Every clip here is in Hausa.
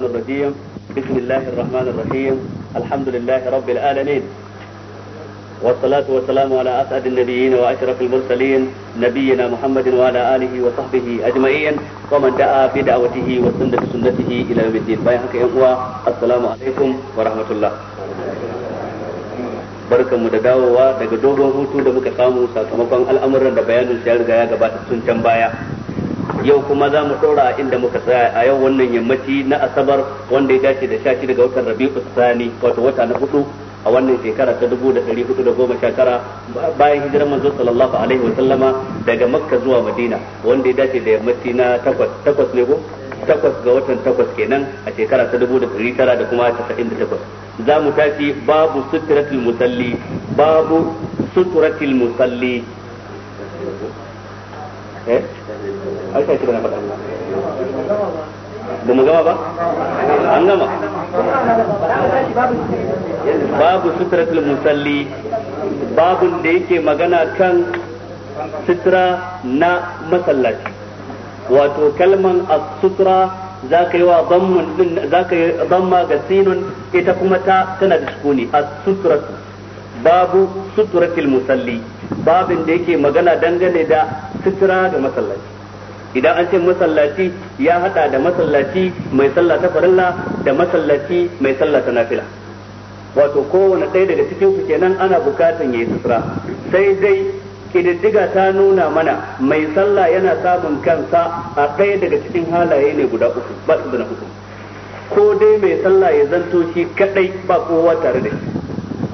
الرجيم بسم الله الرحمن الرحيم الحمد لله رب العالمين والصلاة والسلام على أسعد النبيين وأشرف المرسلين نبينا محمد وعلى آله وصحبه أجمعين ومن دعا بدعوته وسنة سنته إلى يوم الدين بايحك يا السلام عليكم ورحمة الله barkan mu da dawowa daga dogon hutu da muka samu sakamakon al'amuran da bayanin ya riga ya gabata sun can baya yau kuma za mu ɗora inda muka tsaya a yau wannan yammaci na asabar wanda ya dace da shashi daga watan rabi'u sani wato wata na hudu a wannan shekara ta dubu da ɗari hudu da goma sha tara bayan hijirar manzo sallallahu alaihi wa sallama daga makka zuwa madina wanda ya dace da yammaci na takwas takwas ne ko takwas ga watan takwas kenan a shekara ta dubu da ɗari tara da kuma casa'in da takwas za mu tashi babu suturatul musalli babu suturatul musalli eh ai sai kida faɗa ba ba mu gama ba an gama babu sutratul musalli babun da yake magana kan sutra na masallaci wato kalman as-sutra za ka yi wa za ka yi zamma ga sinun ita kuma ta tana da sukuni as-sutratu babu sutratul musalli babin da yake magana dangane da sutura ga masallaci idan an ce masallaci ya hada da masallaci mai sallah ta farilla da masallaci mai sallah ta nafila wato kowane ɗaya daga cikin su kenan ana bukatan yayi sutura sai dai kididdiga ta nuna mana mai sallah yana samun kansa a ɗaya daga cikin halaye ne guda uku ba su da uku ko dai mai sallah ya zanto shi kadai ba kowa tare da shi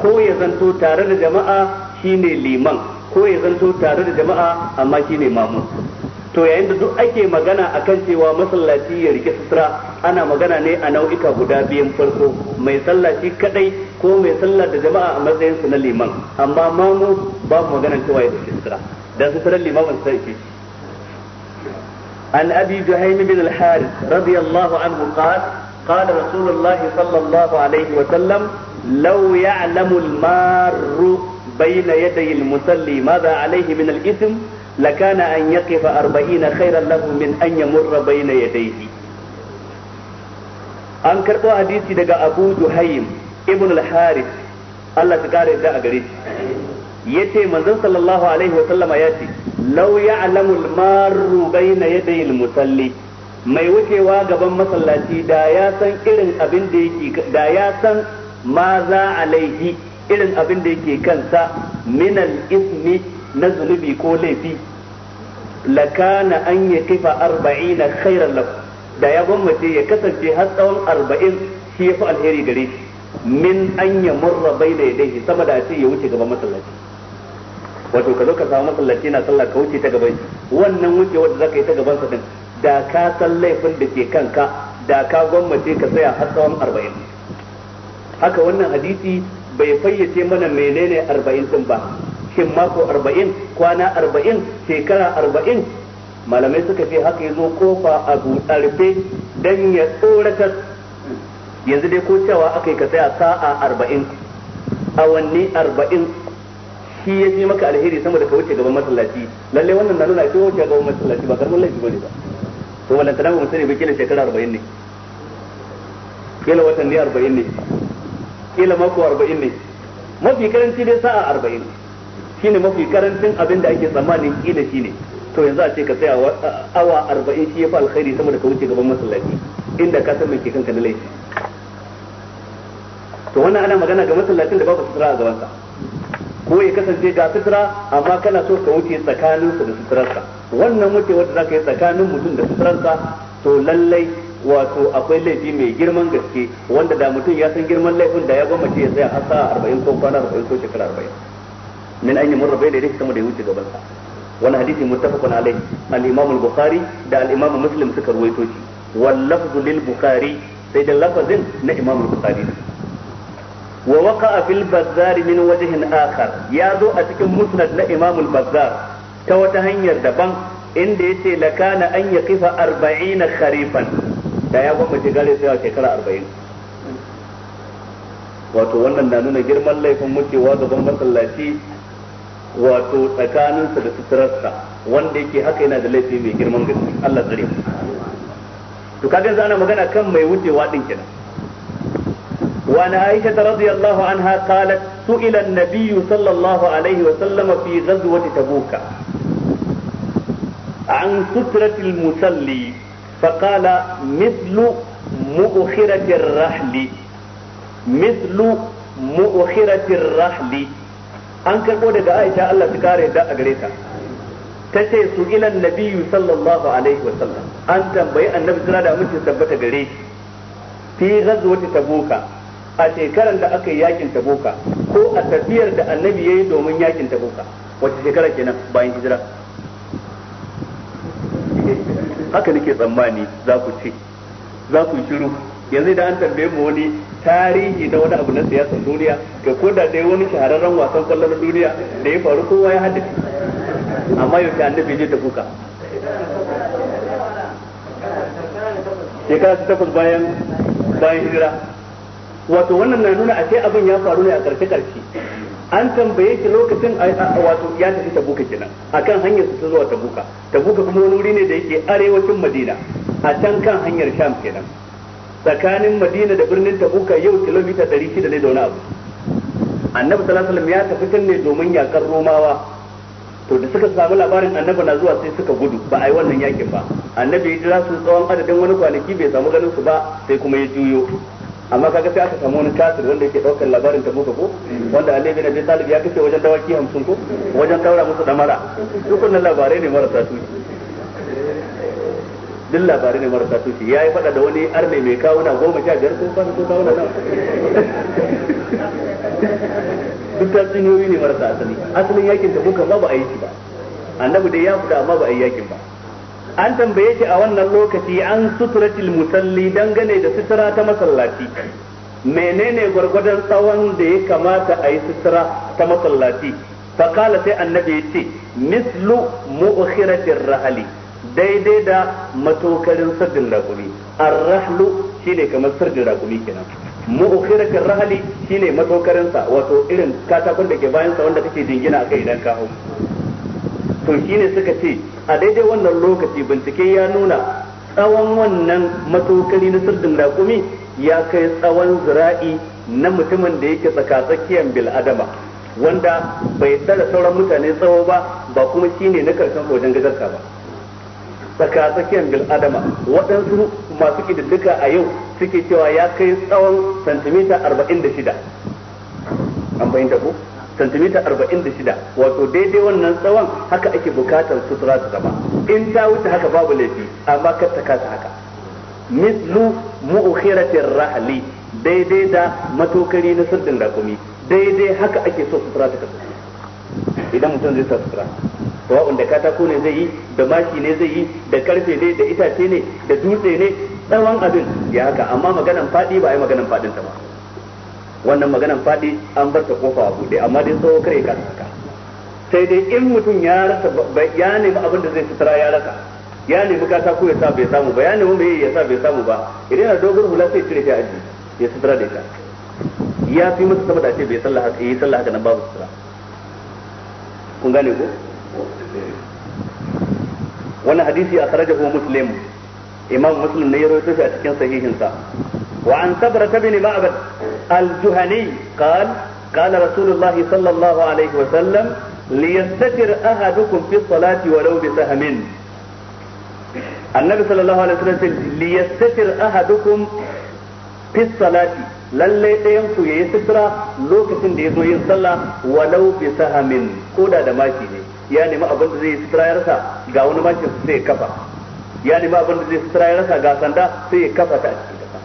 ko ya zanto tare da jama'a shine liman ko ya zanto tare da jama'a amma shine mamun to yayin da duk ake magana akan cewa masallaci ya rike sutura ana magana ne a nau'ika guda biyan farko mai sallaci kadai ko mai sallah da jama'a a matsayin su na liman amma mamu ba mu magana cewa ya rike sutura dan liman limamin sai ke an abi juhaym bin al-harith radiyallahu anhu qala sallallahu alaihi wa sallam law عليه وسلم لو يعلم المار musalli يدي المصلي alayhi min al-ithm لكان an يقف أربعين خيرا له من أن يمر بين يديه an karɓo hadisi daga abu duhaim ibn al-haris Allah ta kare da a gare shi yace manzon sallallahu alaihi wa sallama ya ce law ya'lamu al-marru bayna yaday al-musalli mai wucewa gaban masallaci da ya san irin abin da yake da ya san ma za alaihi irin abin da yake kansa min al-ismi na zunubi ko laifi lakana an ya kifa arba'ina khairan lakum da ya gwammace ya kasance har tsawon arba'in shi ya fi alheri gare shi min an ya murra bai da shi sama da ce ya wuce gaban masallaci wato ka zo ka samu masallaci na sallah ka wuce ta gaban shi wannan wuce wanda zaka yi ta gaban sa din da ka san laifin da ke kanka da ka gwammace ka tsaya har tsawon arba'in haka wannan hadisi bai fayyace mana menene arba'in din ba cikin mako arba'in kwana arba'in shekara arba'in malamai suka ce haka yazo kofa a rufe dan ya tsoratar yanzu dai ko cewa aka yi ka tsaya sa'a arba'in awanni arba'in shi ya fi maka alheri sama da ka wuce gaban masallaci lalle wannan na nuna ke wuce gaban masallaci ba karamin laifi bane ba to wannan kana ba musani ba kila shekara arba'in ne kila watanni arba'in ne kila mako arba'in ne mafi karanci dai sa'a arba'in shine mafi karancin abin da ake tsammanin kila shine to yanzu a ce ka tsaya awa arba'in shi ya fi alkhairi sama da ka wuce gaban masallaci inda ka san ke kanka na laifi to wannan ana magana ga masallacin da babu sutura a gabansa ko ya kasance ga sutura amma kana so ka wuce tsakanin su da suturarsa wannan wucewar da zaka yi tsakanin mutum da suturarsa to lallai wato akwai laifi mai girman gaske wanda da mutum ya san girman laifin da ya gwamnati ya tsaya har sa'a arba'in ko kwana arba'in ko shekara arba'in min an yamurra bayna yadayhi sama da ya wuce gaban sa wannan hadisi muttafaqun alaihi al-imam al-bukhari da al-imam muslim suka ruwaito shi wal lafzu bukhari sai da lafazin na imam al-bukhari wa waqa'a fil bazzar min wajhin akhar ya zo a cikin musnad na imamul bazar ta wata hanyar daban inda yace lakana an yaqifa 40 kharifan da ya gwamnati gare sai shekara 40 wato wannan na nuna girman laifin mutewa gaban masallaci wato tsakaninsa da sutararsa wanda yake haka yana da laifi mai girman gaske Allah tsare to kaga yanzu ana magana kan mai wucewa din kenan wa na Aisha ta radiyallahu anha qalat su'ila an-nabiy sallallahu alaihi wa sallama fi ghazwati tabuk an sutratil musalli fa qala mithlu mu'khirati ar-rahli mithlu mu'khirati ar-rahli an karbo daga Aisha Allah ta kare yadda a gare ta tace su ilan nabiyyu sallallahu alaihi wa sallam an tambayi annabi sura da mutum tabbata gare shi fi ghazwati tabuka a shekarar da aka yi yakin tabuka ko a tafiyar da annabi yayi domin yakin tabuka wace shekara kenan bayan hijira haka nake tsammani za ku ce za ku shiru yanzu da an tambaye mu wani tarihi na wani abu na siyasar duniya ga ko da dai wani shahararren wasan kwallon duniya da ya faru kowa ya haddace amma yau ta annabi je ta kuka shekara ta takwas bayan bayan hijira wato wannan na nuna a ce abin ya faru ne a karshe karshe an tambaye shi lokacin a wato ya tafi tabuka kenan akan hanyar su ta zuwa tabuka tabuka kuma wani wuri ne da yake arewacin madina a can kan hanyar sham kenan tsakanin madina da birnin tabuka yau kilomita 600 ne da wani abu annabi sallallahu ya tafi can ne domin yakar romawa to da suka samu labarin annabi na zuwa sai suka gudu ba a yi wannan yakin ba annabi ya jira su tsawon adadin wani kwanaki bai samu ganin su ba sai kuma ya juyo amma kaga sai aka samu wani kasir wanda yake daukar labarin ta ko wanda Ali bin Abi Talib ya kace wajen dawaki 50 ko wajen kaura musu damara dukkan labarai ne marasa tushe duk labarai ne marasa tushe ya yi fada da wani arne mai kawuna goma sha biyar ko kwana ko kawuna na duk tatsuniyoyi ne marasa asali asalin yakin ta bukan ma ba a yi shi ba annabi dai ya fita amma ba a yi yakin ba an tambaye shi a wannan lokaci an sutura musalli dangane da sutura ta masallaci menene gwargwadon tsawon da ya kamata a yi sutura ta masallaci kala sai annabi ya ce mislu mu'khiratir rahali daidai da matokarin sardin rakumi ar-rahlu shine kamar sardin rakumi kenan mu'khiratir rahli shine matokarin sa wato irin katakon da ke bayan sa wanda kake jingina kai idan ka hau to shine suka ce a daidai wannan lokaci bincike ya nuna tsawon wannan matokari na sardin rakumi ya kai tsawon zira'i na mutumin da yake tsakatsakiyan bil adama wanda bai tsara sauran mutane tsawo ba ba kuma shine na karshen wajen gajarta ba tsakatsakiyar tsakiyar bil adama waɗansu masu kididdika a yau suke cewa ya kai tsawon santimita arba'in da shida an fahimta ko santimita arba'in da shida wato daidai wannan tsawon haka ake bukatar sutura su zama in ta wuce haka babu laifi amma ka ta kasa haka mislu mu'khiratir rahli daidai da matokari na sirdin rakumi daidai haka ake so sutura ta kasance idan mutum zai sa sutura sawa'un katako ne zai yi da maki ne zai yi da karfe ne da itace ne da dutse ne tsawon abin ya haka amma maganan fadi ba ai maganan fadin ta ba wannan maganan fadi an bar ta kofa a bude amma dai tsawo kare ka saka sai dai in mutum ya rasa ya nemi abin da zai sutura ya rasa ya nemi katako ya sa bai samu ba ya nemi mai ya sa bai samu ba idan yana dogon hula sai cire ta aji ya sutura da ita ya fi masa saboda ce bai sallah yi sallah haka nan babu sutura kun gane ko wani hadisi akhrajahu muslim imam muslim ne ya rawaito shi a cikin sahihinsa wa an sabra bin ma'bad al-juhani qala قال رسول الله صلى الله عليه وسلم ليستتر أحدكم في الصلاة ولو بسهم النبي صلى الله عليه وسلم ليستتر أحدكم في الصلاة lallai ɗayan ku yayi sutura lokacin da ya zo yin sallah walau bi ko da da ne ya nemi abin da zai sutura ya rasa ga wani mashin sai ya kafa ya nemi abin da zai sutura ya rasa ga sanda sai ya kafa ta a cikin kasa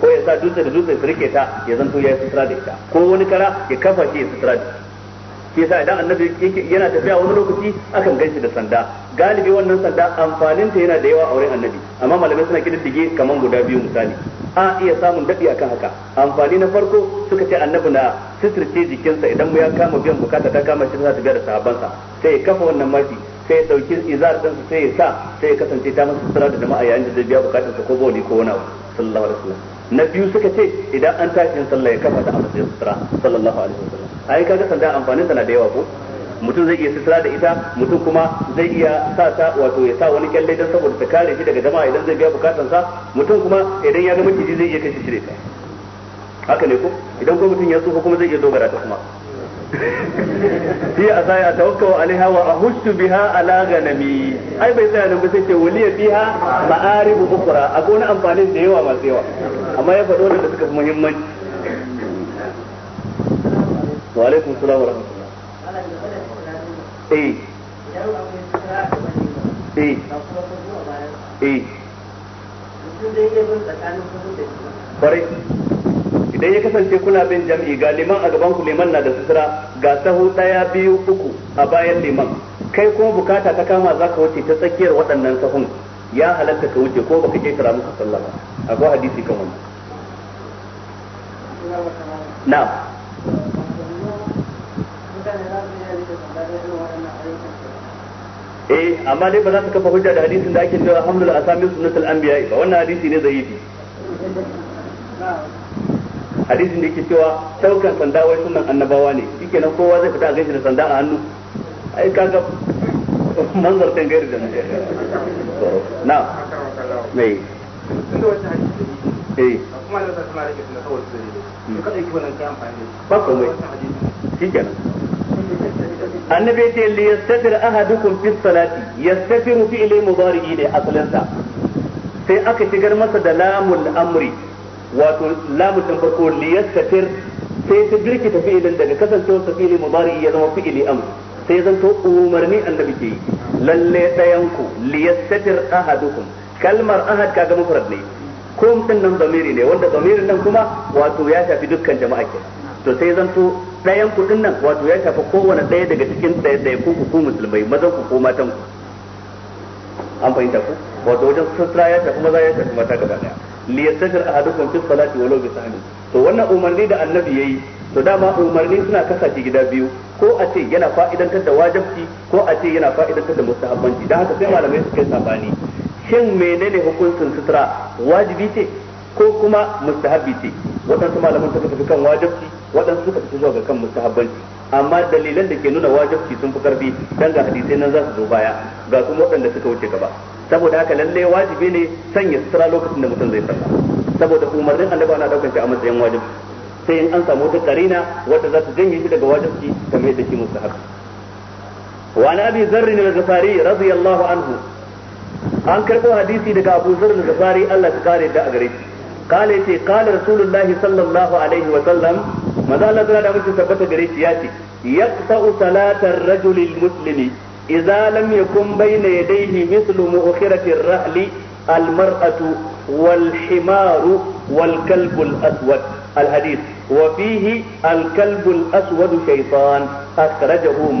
ko ya sa dutse da dutse su rike ta ya zanto ya yi sutura da ita ko wani kara ya kafa shi ya sutura da ita shi yasa idan annabi yana tafiya wani lokaci akan ganshi da sanda galibi wannan sanda amfanin ta yana da yawa a wurin annabi amma malamai suna kididdige kamar guda biyu misali a iya samun dadi akan haka amfani na farko suka ce annabi na sitirce jikinsa idan mu ya kama biyan bukata ta kama shi za ta da sa sai ya kafa wannan mafi sai ya dauki izar ɗinsa sai ya sa sai ya kasance ta masa sura da jama'a yayin da zai biya bukatarsa ko boli ko wani abu sallallahu alaihi wasallam na biyu suka ce idan an tashi yin sallah ya kafa ta a matsayin sutura sallallahu alaihi wasallam ai kaga sanda amfanin na da yawa ko mutum zai iya sutura da ita mutum kuma zai iya sa ta wato ya sa wani kyalle don saboda ta kare shi daga jama'a idan zai biya bukatan sa mutum kuma idan ya ga maciji zai iya kashe shi da haka ne ko idan ko mutum ya tsufa kuma zai iya dogara ta kuma fi asaya tawakkau alaiha wa ahushu biha ala ganami ai bai tsaya nan ba sai ce waliya biha ma'arib ukhra akwai wani amfani da yawa masu yawa amma ya faɗo da suka fi muhimmanci wa alaikum salam wa rahmatullah eh eh eh kwarai idan ya kasance kuna bin jam'i ga liman a gaban ku liman na da sutura ga sahu daya biyu uku a bayan liman kai kuma bukata ta kama za ka wuce ta tsakiyar waɗannan sahun ya halatta ka wuce ko ba ka ketara muka sallah ba akwai hadisi kan wannan na'am eh amma dai ba za su kafa hujja da hadisin da ake cewa alhamdulillah asami sunnatul anbiya ba wannan hadisi ne zaifi hadisin da yake cewa saukan sanda wai sunan annabawa ne yake nan kowa zai fita a gaishe da sanda a hannu ai kaga manzartan gairi da na mai eh kuma da kuma da kuma saboda su kada yake wannan kai amfani ba komai shikenan annabi ya ce li yastatir ahadukum fi salati yastatiru fi ilay mudari'i ne asalinsa sai aka shigar masa da lamul amri wato lamu ta farko liyaskatir sai ta girki ta fi'ilin daga kasancewar ta fi'ili mubari ya zama fi'ili am sai zan to umarni annabi ke yi lalle ɗayan ku ahadukum kalmar ahad kaga mufrad ne kum din nan zamiri ne wanda zamirin nan kuma wato ya shafi dukkan jama'a ke to sai zanto ɗayan ku din nan wato ya shafi kowane ɗaya daga cikin ɗaya ku ku musulmai mazan ku ko matan ku an fahimta ku wato wajen sutra ya shafi maza ya shafi mata gaba daya li yastajir ahadukum fi salati walau bi sahmi to wannan umarni da annabi yayi to dama umarni suna kasace gida biyu ko a ce yana fa'idantar da wajibi ko a ce yana fa'idatar da mustahabbanci dan haka sai malamai suka yi sabani shin menene hukuncin sutura wajibi ce ko kuma mustahabbi ce wadansu malaman suka tafi kan wajibi waɗansu suka tafi zuwa ga kan mustahabbanci amma dalilan da ke nuna wajibci sun fi karfi dan ga hadisai nan za su zo baya ga kuma waɗanda suka wuce gaba saboda haka lalle wajibi ne sanya sutura lokacin da mutum zai sallah saboda umarnin annabi ana daukar shi a matsayin wajibi sai in an samu wata karina wadda za ta janye shi daga wajibi kamar yadda shi musu haka wa an abi zarr al-ghifari radiyallahu anhu an karbo hadisi daga abu zarr al-ghifari Allah Ta kare da a gare shi kale ce قال rasulullahi sallallahu alaihi wa sallam maza Allah الله da mutum tabbata gare shi ya ce yaqta'u salatar rajulil muslimi idza lam yakun bayna yadayhi mithlu mu'khirati ar-rahli al-mar'atu wal himaru wal kalbu al-aswad al-hadith wa fihi al-kalbu al-aswad shaytan akhrajahu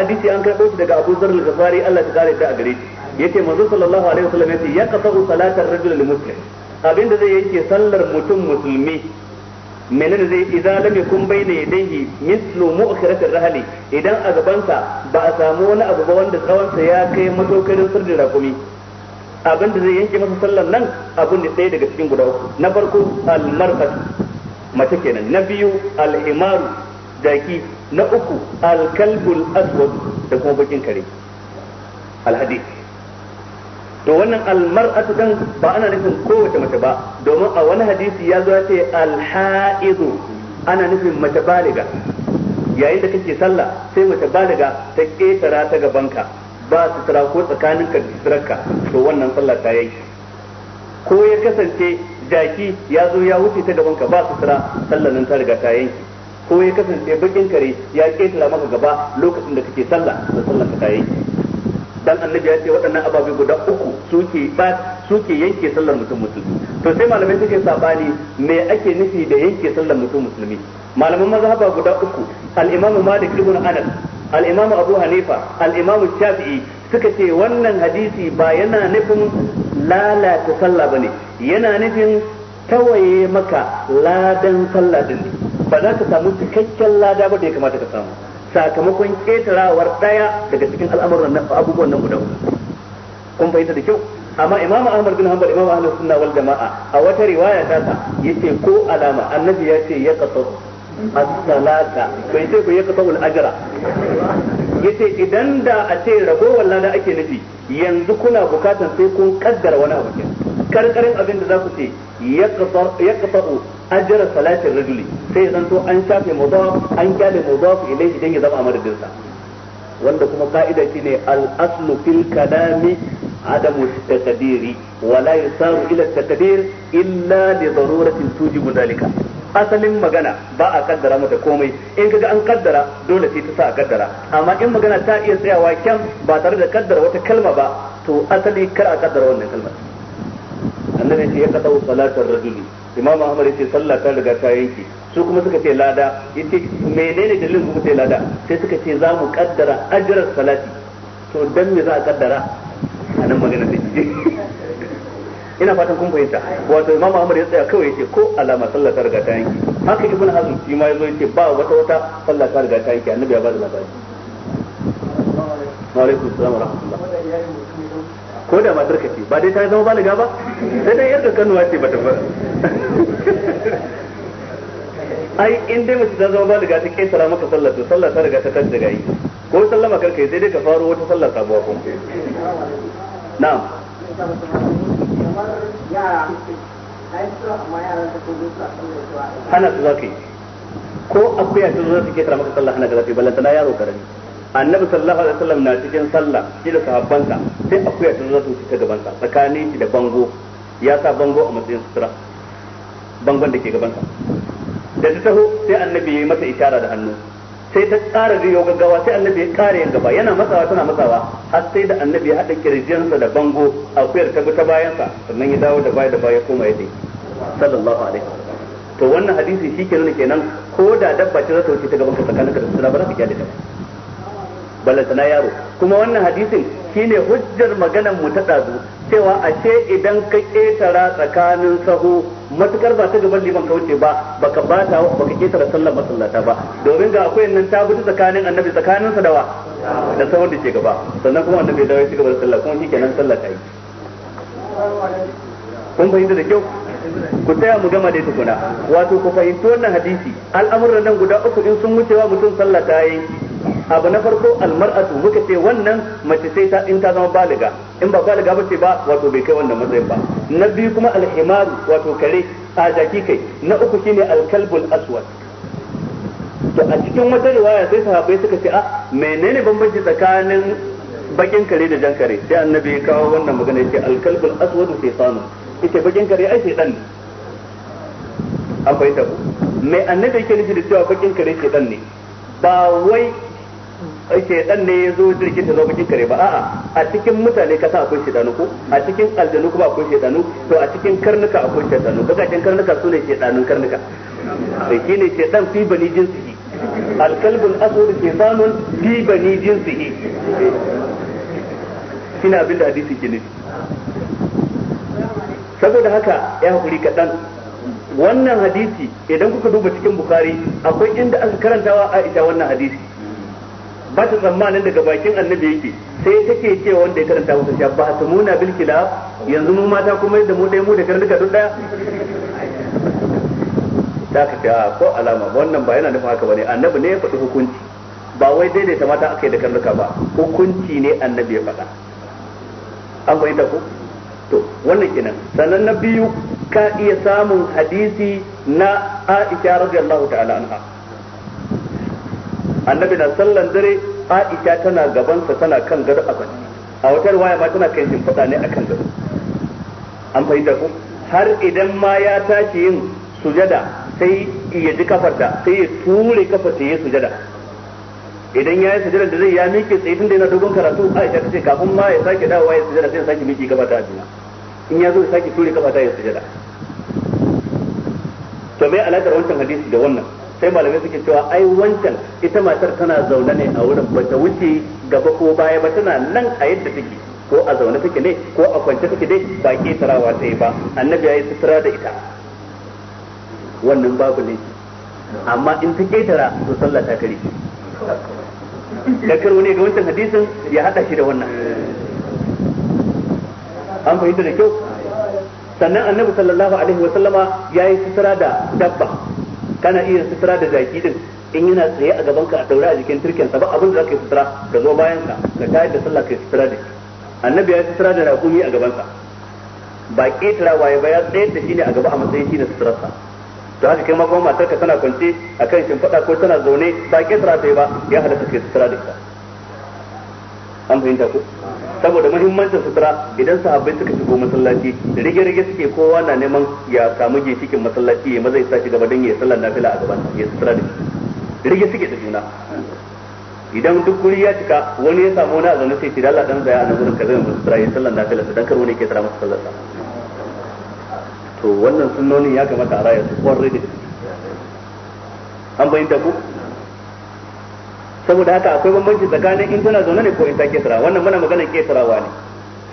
hadisi an karɓo shi daga Abu Dharr al ya yace manzo sallallahu alaihi wasallam yace yaqta'u salatar rajul muslim abinda zai yake sallar mutum musulmi menene zai idan lam yakun bayna yadayhi mislu mu'khiratir rahli idan a gabansa ba a samu wani abu ba wanda tsawonsa ya kai matokarin sirrin rakumi abin da zai yanke masa sallan nan abun ne ɗaya daga cikin guda uku na farko al-marfat mace kenan na biyu al-himaru daki na uku al-kalbul aswad da kuma bakin kare al-hadith to wannan almar'atu dan ba ana nufin kowace mace ba domin a wani hadisi ya zo ya ce alha'izu ana nufin mace baliga yayin da kake sallah sai mace baliga ta ketara ta gabanka ba su tara ko tsakaninka da to wannan sallah ta yi ko ya kasance jaki ya zo ya wuce ta gabanka ba su tara sallah nan ta riga ta yanki ko ya kasance bakin kare ya ƙetara maka gaba lokacin da kake sallah da sallah ta yanki dan annabi ya ce waɗannan ababe guda uku suke ba suke yanke sallar mutum musulmi to sai malamai suke sabani me ake nufi da yanke sallar mutum musulmi malaman mazhaba guda uku al-imamu Malik ibn Anas al-imamu Abu Hanifa al-imamu Shafi'i suka ce wannan hadisi ba yana nufin lalata sallah bane yana nufin tawaye maka ladan sallah din ne ba za ka samu cikakken lada ba da ya kamata ka samu sakamakon ƙetarawar ɗaya daga cikin al'amuran nan abubuwan nan guda kun fahimta da kyau amma imamu ahmad bin hanbal imamu ahlus sunna wal jama'a a wata riwaya ta ta yace ko alama annabi ya ce ya qata as-salata bai ce ko ya qata al-ajra yace idan da a ce ragowar da ake nufi yanzu kuna bukatan sai kun kaddara wani abu karkarin abin da za ku ce ya qata ajra salatin rajuli sai zan to an shafe mudaf an kyale mudaf ilayhi dan ya zama a madadin sa wanda kuma ka'ida ne al aslu fil kalami wa la ولا ila الى illa li daruratin tujibu dalika asalin magana ba a kaddara mata komai in kaga an kaddara dole sai ta sa a kaddara amma in magana ta iya tsayawa kyan ba tare da kaddara wata kalma ba to asali kar a kaddara wannan kalmar annabi ya kadau salatar rajuli imam ahmad yace sallah ta riga ta yanke su kuma suka ce lada yace menene dalilin kuma ce lada sai suka ce za mu kaddara ajrar salati to dan me za a kaddara anan nan magana take ina fatan kun fahimta wato imam ahmad ya tsaya kawai yace ko alama sallah ta riga ta yanke haka ibn hazm shi ma yazo yace ba wata wata sallah ta riga ta yanke annabi ya ba da labari wa alaikum assalam wa rahmatullah ko da matar ka ce ba dai ta zama baliga ba sai dai yarda kanuwa ce ba ta ai in dai mace ta zama gata ta tara maka sallar to sallar ta riga ta kan daga yi ko sallama karka yi sai dai ka faro wata sallah sabuwa kuma na'am hana su za ka yi ko akwai a zo za ta ketara maka sallar hana zafi za na yaro karami annabi sallallahu alaihi wasallam na cikin sallah shi da sahabbansa sai akwai a zo za ta wuce ta gabansa tsakanin shi da bango ya sa bango a matsayin sutura bangon da ke gabansa da ta taho sai annabi ya yi masa ishara da hannu sai ta tsara riyo gaggawa sai annabi ya kare yin gaba yana matsawa tana matsawa har sai da annabi ya haɗa kirjiyarsa da bango a akuyar ta bi ta bayansa sannan ya dawo da baya da baya koma ya sallallahu alaihi to wannan hadisi shi kenan kenan ko da dabba ce za ta wuce ta gaban ka tsakaninka da sura ba za ka ta na yaro kuma wannan hadisin shine hujjar maganar mu ta dazu cewa ashe idan ka ketara tsakanin sahu matukar ba ta gaban liman ka wuce ba baka bata baka ketara sallar masallata ba domin ga akwai nan ta bi tsakanin annabi tsakanin sa da wa da sahun da ke gaba sannan kuma annabi da ya shiga da sallah kuma shikenan sallah kai kun fahimta da kyau ku taya mu gama dai tukuna wato ku fahimci wannan hadisi al'amuran nan guda uku in sun wucewa mutum sallah ta yi. abu na farko almar'atu muka ce wannan mace sai ta in ta zama baliga in ba baliga ba ce ba wato bai kai wannan matsayin ba na biyu kuma alhimaru wato kare a jaki kai na uku shine alkalbul aswad to a cikin wata riwaya sai sahabbai suka ce a ah, menene bambanci tsakanin bakin kare da jan kare sai annabi ya kawo wannan magana yace alkalbul aswad sanu yace bakin kare ai sai dan akwai tabu mai annabi yake nufi da cewa bakin kare dan ne ba wai dan ne ya zo jirgin zo bakin kare ba a'a a cikin mutane kasa akwai shedanu ko a cikin aljanu kuma akwai shedanu to a cikin karnuka akwai shaidanu bakakin karnuka su ne shaidanun karnuka sai shi ne dan fi bani jinsi alkalbul aswad shaidanun fi bani jinsi kina bin da hadisi ke nufi saboda haka ya hakuri kaɗan wannan hadisi idan kuka duba cikin bukhari akwai inda aka karantawa aisha wannan hadisi ba ta tsammanin daga bakin annabi yake sai take ce wanda ya karanta musu cewa ba su muna bil kilab yanzu mu mata kuma yadda mu dai mu da karnuka duk daya da ka ta ko alama wannan ba yana nufin haka bane annabi ne ya faɗi hukunci ba wai daidaita mata aka yi da karnuka ba hukunci ne annabi ya faɗa an da ko to wannan kenan sannan na biyu ka iya samun hadisi na Aisha radiyallahu ta'ala anha annabi na sallan dare aisha tana gabansa tana kan gado a kwanci a wata riwaya ma tana kan shimfiɗa ne akan gado an fahimta ko har idan ma ya tashi yin sujada sai ya ji kafar da sai ya ture kafar ta sujada idan ya yi sujada da zai ya miƙe tsaye tun da yana dogon karatu aisha ta ce kafin ma ya sake dawowa ya sujada sai ya sake miƙe gaba ta a juna in ya zo ya sake ture kafarta ya sujada to me alaƙar wancan hadisi da wannan sai malamai suke cewa ai wancan ita matar tana zaune ne a wurin ta wuce gaba ko baya ba tana nan a yadda take ko a zaune take ne ko a kwance take dai ba tarawa ta yi ba annabi ya yi sutura da ita wannan babu ne amma in ta ketara to sallah ta kare da karo ne ga wancan hadisin ya hada shi da wannan an fahimta da kyau sannan annabi sallallahu alaihi wa sallama ya yi sutura da dabba kana iya sutura da jaki din in yana tsaye a gaban ka a daura a jikin turken sa ba abin da zaka yi sutura da zo bayan ka ka tayar da sallah kai sutura da annabi ya yi sutura da raƙumi a gaban sa ba ketara waye ba ya tsayar da shi ne a gaba a matsayin shi da suturar sa to haka kai ma kuma matar ka tana kwance akan shimfiɗa ko tana zaune ba ketara ta yi ba ya halatta kai sutura da ita an fahimta ko saboda muhimmancin sutura idan sahabbai suka shigo masallaci rige rige suke kowa na neman ya samu cikin masallaci ya maza sa shi gaba dan ya sallar nafila a gaban ya sutura da shi rige suke da juna idan duk guri ya cika wani ya samu wani a zaune sai tira Allah dan zaya a nan gurin kaza mai sutura ya sallar nafila dan kar wani ke tara masa sallar to wannan sunnonin ya kamata a rayar su kwarai da an bayyana ku saboda haka akwai bambanci tsakanin in tana zaune ne ko in ta kesara wannan muna maganar kesarawa ne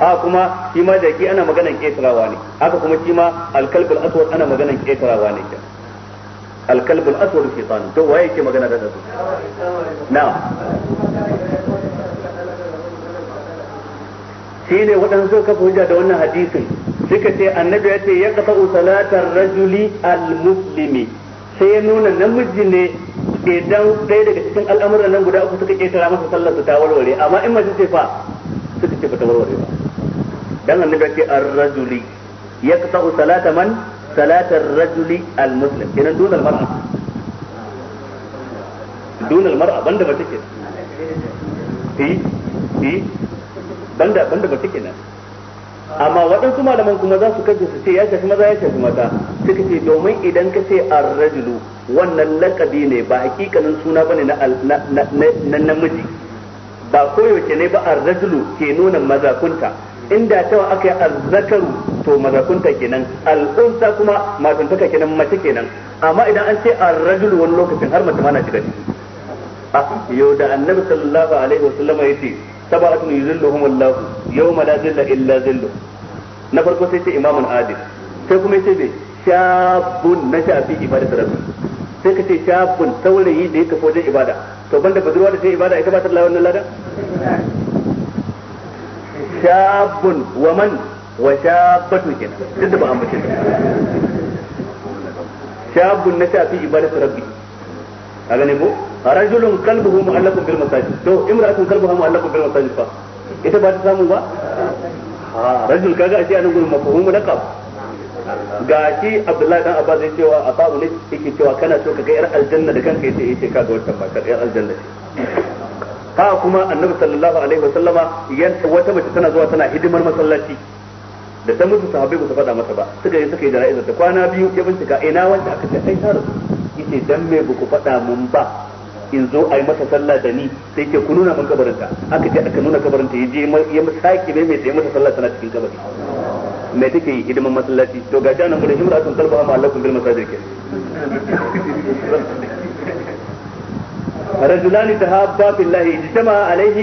a kuma shi ma jaki ana maganar kesarawa ne haka kuma shi ma alkalbul aswad ana maganar kesarawa ne alkalbul aswad shaytan to waye yake magana da su na'am ne waɗansu suka kafa hujja da wannan hadisin suka ce annabi ya ce ya qata'u salatar rajuli al-muslimi sai ya nuna namiji ne idan ɗaya daga cikin al'amuran nan guda uku suka ƙetara masa sallar su ta warware amma in mace ce fa suka ce ta warware ba dan annabi ce ar-rajuli yaqta'u salata man salata ar-rajuli al-muslim kenan dun al-mar'a dun al-mar'a banda mace ke eh eh banda banda mace kenan amma waɗansu malaman kuma za su kaji su ce ya shafi maza ya shafi mata suka ce domin idan ka ce a rajulu wannan lakabi ne ba hakikanin suna bane na na namiji ba koyaushe ne ba a rajulu ke nuna mazakunta inda cewa aka yi azzakaru to mazakunta kenan al'unsa kuma matuntaka kenan mace kenan amma idan an ce a rajulu wani lokacin har mace ma na shiga ciki a ah, yau da annabi sallallahu alaihi wasallam ya ce sab'atun yuzilluhum Allah yawma la zilla illa zillu na farko sai ce imamun adil sai kuma sai me shabun na shafi ibadatu rabbi sai ka ce shabun saurayi da yake fojin ibada to banda budurwa da sai ibada ita ba ta lawan ladan shabun wa man wa shabatu kenan duk da ba ambace shabun na shafi ibadatu rabbi a gane ko rajulun qalbuhu mu'allaqun bil masajid to imra'atun qalbuha mu'allaqun bil masajid fa ita ba ta samu ba ha rajul kaga a ce anan gurin mafhum laqab ga shi abdullahi dan abba zai cewa a sa'u ne yake cewa kana so ka ga yar aljanna da kanka yace yace ka ga wata matar yar aljanna ce ha kuma annabi sallallahu alaihi wasallama yan wata mace tana zuwa tana hidimar masallaci da ta mutu sahabbai ba su faɗa mata ba suka yi suka yi jara'izar ta kwana biyu ya bincika ina wanda aka ce ai ta rasu yace dan me buku ku faɗa mun ba in zo a yi mata sallah da ni sai ke ku nuna min kabarinta aka je aka nuna kabarinta ya je ya saki mai mai sai mata sallah tana cikin kabari me take yi hidiman masallaci to ga jana mun himra sun kalba ma Allah kun bil masajid ke rajulani tahabba تهابا في الله wa عليه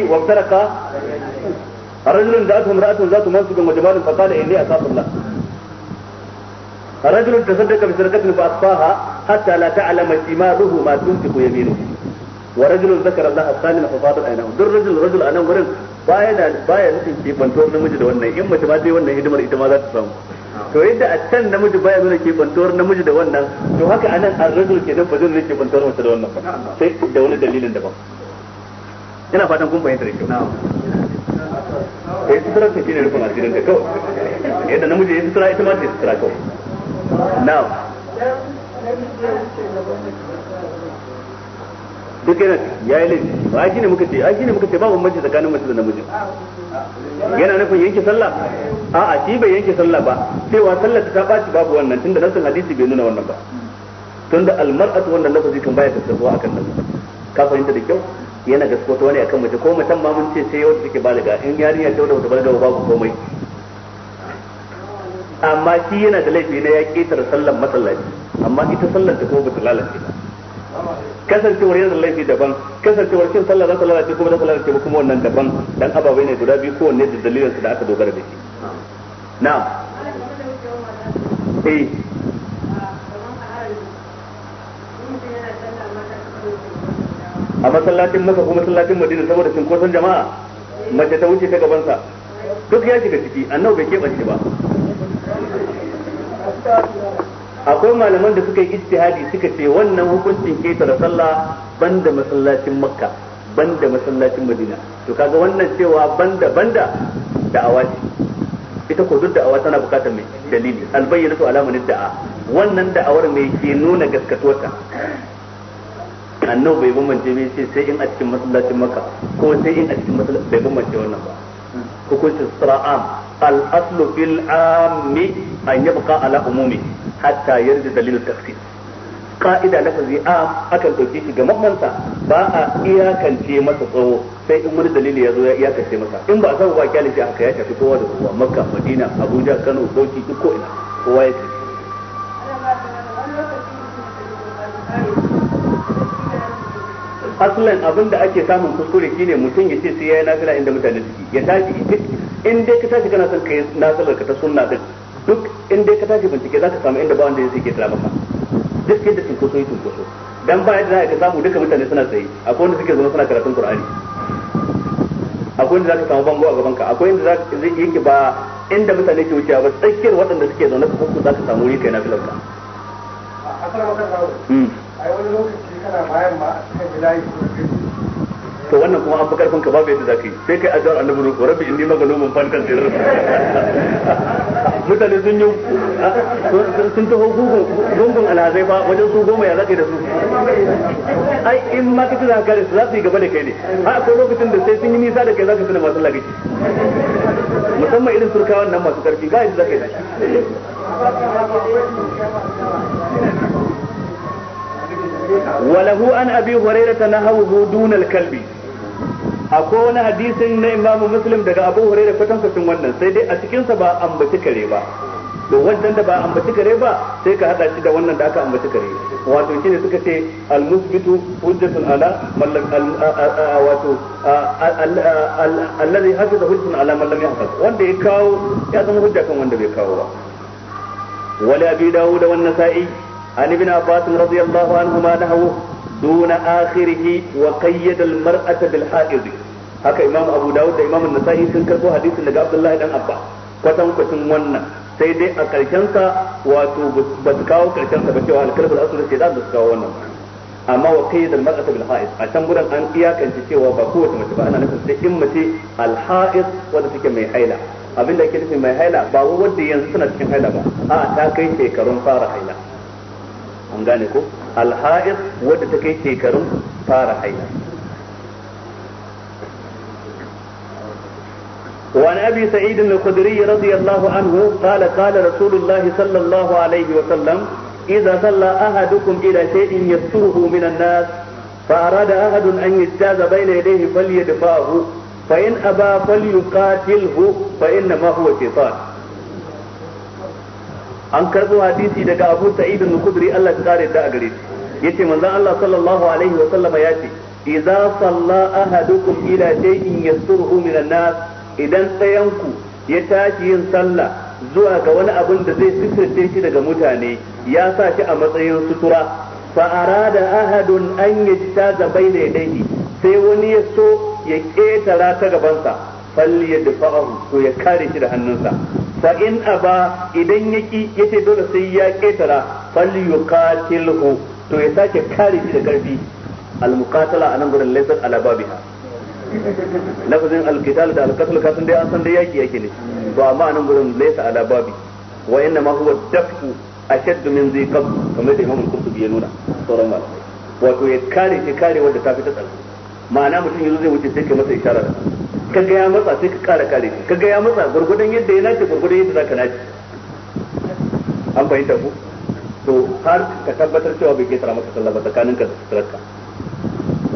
rajulun da'atuhum ra'atun zatu ذات wa وجمال fa qala inni الله رجل تصدق بسرقة فأخفاها حتى لا تعلم شماله ما تنفق يمينه ورجل ذكر الله الثاني ففاضل عينه دور رجل رجل أنا ورن baya na baya nufin kebantuwar namiji da wannan in mace ma ta wannan hidimar ita ma ta samu to yadda a can namiji baya nuna kebantuwar namiji da wannan to haka anan an rajul ke nan bazin zai nuna mace da wannan sai da wani dalilin daban ina fatan kun fahimta da kyau kai sutura ta shine rufin asirin da kawai yadda namiji ya sutura ita ma ce sutura kawai na'am duk yana ya yi laifi ba a ne muka ce shi ne muka ce ba bambanci tsakanin mace da namiji yana nufin yanke sallah a'a shi bai yanke sallah ba cewa sallah ta baci babu wannan tunda nasin hadisi bai nuna wannan ba tunda almar'atu wannan lafazi kan baya tattaruwa akan nan ka fahimta da kyau yana gaskota wani akan mace ko macen ma mun ce sai wacce take balaga in yarinya ta wata balaga babu komai amma shi yana da laifi na ya ƙetare sallan masallaci amma ita sallan ta kuma bata lalace ba kasancewar yana da laifi daban kasancewar cin sallar za lalace kuma za lalace ba kuma wannan daban dan ababai ne guda biyu kowanne da dalilin su da aka dogara da shi na'am eh a masallacin maka ko masallacin madina saboda cunkoson jama'a mace ta wuce ta gabansa duk ya shiga ciki annabi bai keɓance ba akwai malaman da suka yi ijtihadi suka ce wannan hukuncin ketare sallah banda masallacin makka banda masallacin madina to kaga wannan cewa banda banda da'awa ce ita ko duk da'awa tana bukatar mai dalili su alamun da'a wannan da'awar mai ke nuna gaskatuwarta annabi bai bambance mai ce sai in a cikin masallacin makka ko sai in a cikin masallacin bai bambance wannan ba hukuncin sura'am al-aslu fil ammi an yabqa ala umumi hatta yarda dalil tafsir ka'ida na fazi a akan dauke shi ga mamansa ba a iyakance masa tsawo sai in wani dalili ya zo ya iyakance masa in ba zan ba kyale shi haka ya tafi kowa da kowa makka madina abuja kano bauchi duk ko ina kowa ya ce aslan abin da ake samun kuskure shine mutum ya ce sai yayi nafila inda mutane suke ya tashi in dai ka tashi kana son kai nafilar ka ta sunna din duk in dai ka tashi bincike zaka samu inda ba wanda zai ke kira maka duk yadda cinkoso yi cinkoso dan ba yadda ka samu duka mutane suna tsaye akwai wanda suke zama suna karatun qur'ani akwai inda zaka samu bango a gaban ka akwai inda zaka zai yake ba inda mutane ke wucewa ba tsakiyar waɗanda suke zaune ka kuku zaka samu wuri kai nafilar ka a kasar a hmm. ai wani lokaci to wannan kuma an fi karfin ka babu yadda za ka yi sai kai addu'ar annabi ruku rabbi inni maghlumun fankan sirr mutane sun yi ah, sun taho gungun alhazai ba wajen su goma ya zaɗe da su ai in ma ka tuna kare su za su yi gaba da kai ne a akwai lokacin da sai sun yi nisa da kai za ka tuna masu lagaci musamman irin surkawan nan masu karfi ga yadda za ka yi walahu an abi hurairata nahawu دون الكلب akwai wani hadisin na imamu muslim daga abu huraira فتن kwatan wannan sai dai a cikinsa ba ambaci kare ba to wancan da ba ambaci kare ba sai ka hada shi da wannan da aka ambaci kare wato shine suka ce al musbitu hujjatun ala mallam wato allazi hafiza hujjatun ala mallam wanda ya kawo ya zama hujja wanda bai kawo wala dawo da عن ابن عباس رضي الله عنهما نهوه دون آخره وقيد المرأة بالحائض haka imam abu dawud da imam nasa'i sun karbo hadisin daga abdullahi dan abba kwatan kwatan wannan sai dai a karshen sa wato ba su kawo karshen sa ba cewa alkalbul asr sai da su kawo wannan amma wa kai da mar'ata bil ha'id a can gurin an iyakance cewa ba kowace mace ba ana nufin sai in mace al ha'id wanda take mai haila haila ba wanda yanzu suna cikin haila ba a ta kai shekarun fara haila an gane ko alha'id wadda ta kai shekarun fara haila وعن ابي سعيد الخدري رضي الله عنه قال قال رسول الله صلى الله عليه وسلم اذا صلى احدكم الى شيء يستره من الناس فاراد احد ان يجتاز بين يديه فليدفعه فان ابى فليقاتله فانما هو شيطان an karbo hadisi daga Abu Sa'id al-Khudri Allah ya kare da gare shi yace manzon Allah sallallahu alaihi wa ya ce idza salla ahadukum ila shay'in yasturuhu min an-nas idan tsayanku ya tashi yin sallah zuwa ga wani abin da zai sitirce shi daga mutane ya sa shi a matsayin sutura fa arada ahadun an yajtaza baina yadayhi sai wani ya so ya ketara ta gabansa ya yadfa'ahu to ya kare shi da hannunsa fa in aba idan yaki yace dole sai ya ketara falyuqatilhu to ya sake kare shi da karfi almuqatala anan gurin laysat ala babiha lafazin alqital da alqatl kasan dai an san dai yaki yake ne to amma anan gurin laysa ala babi wa inna ma huwa dafu ashadd min zai kamar da imam al-qurtubi ya nuna sauran malamai wato ya kare shi kare wanda ta fita tsalle ma'ana mutum yanzu zai wuce sai ka masa isharar ka ga ya matsa sai ka kara kare ka ga ya matsa gurgudan yadda ya nace gurgudan yadda zaka nace an fahimta ku to har ka tabbatar cewa bai ketara maka sallah ba tsakaninka da suturarka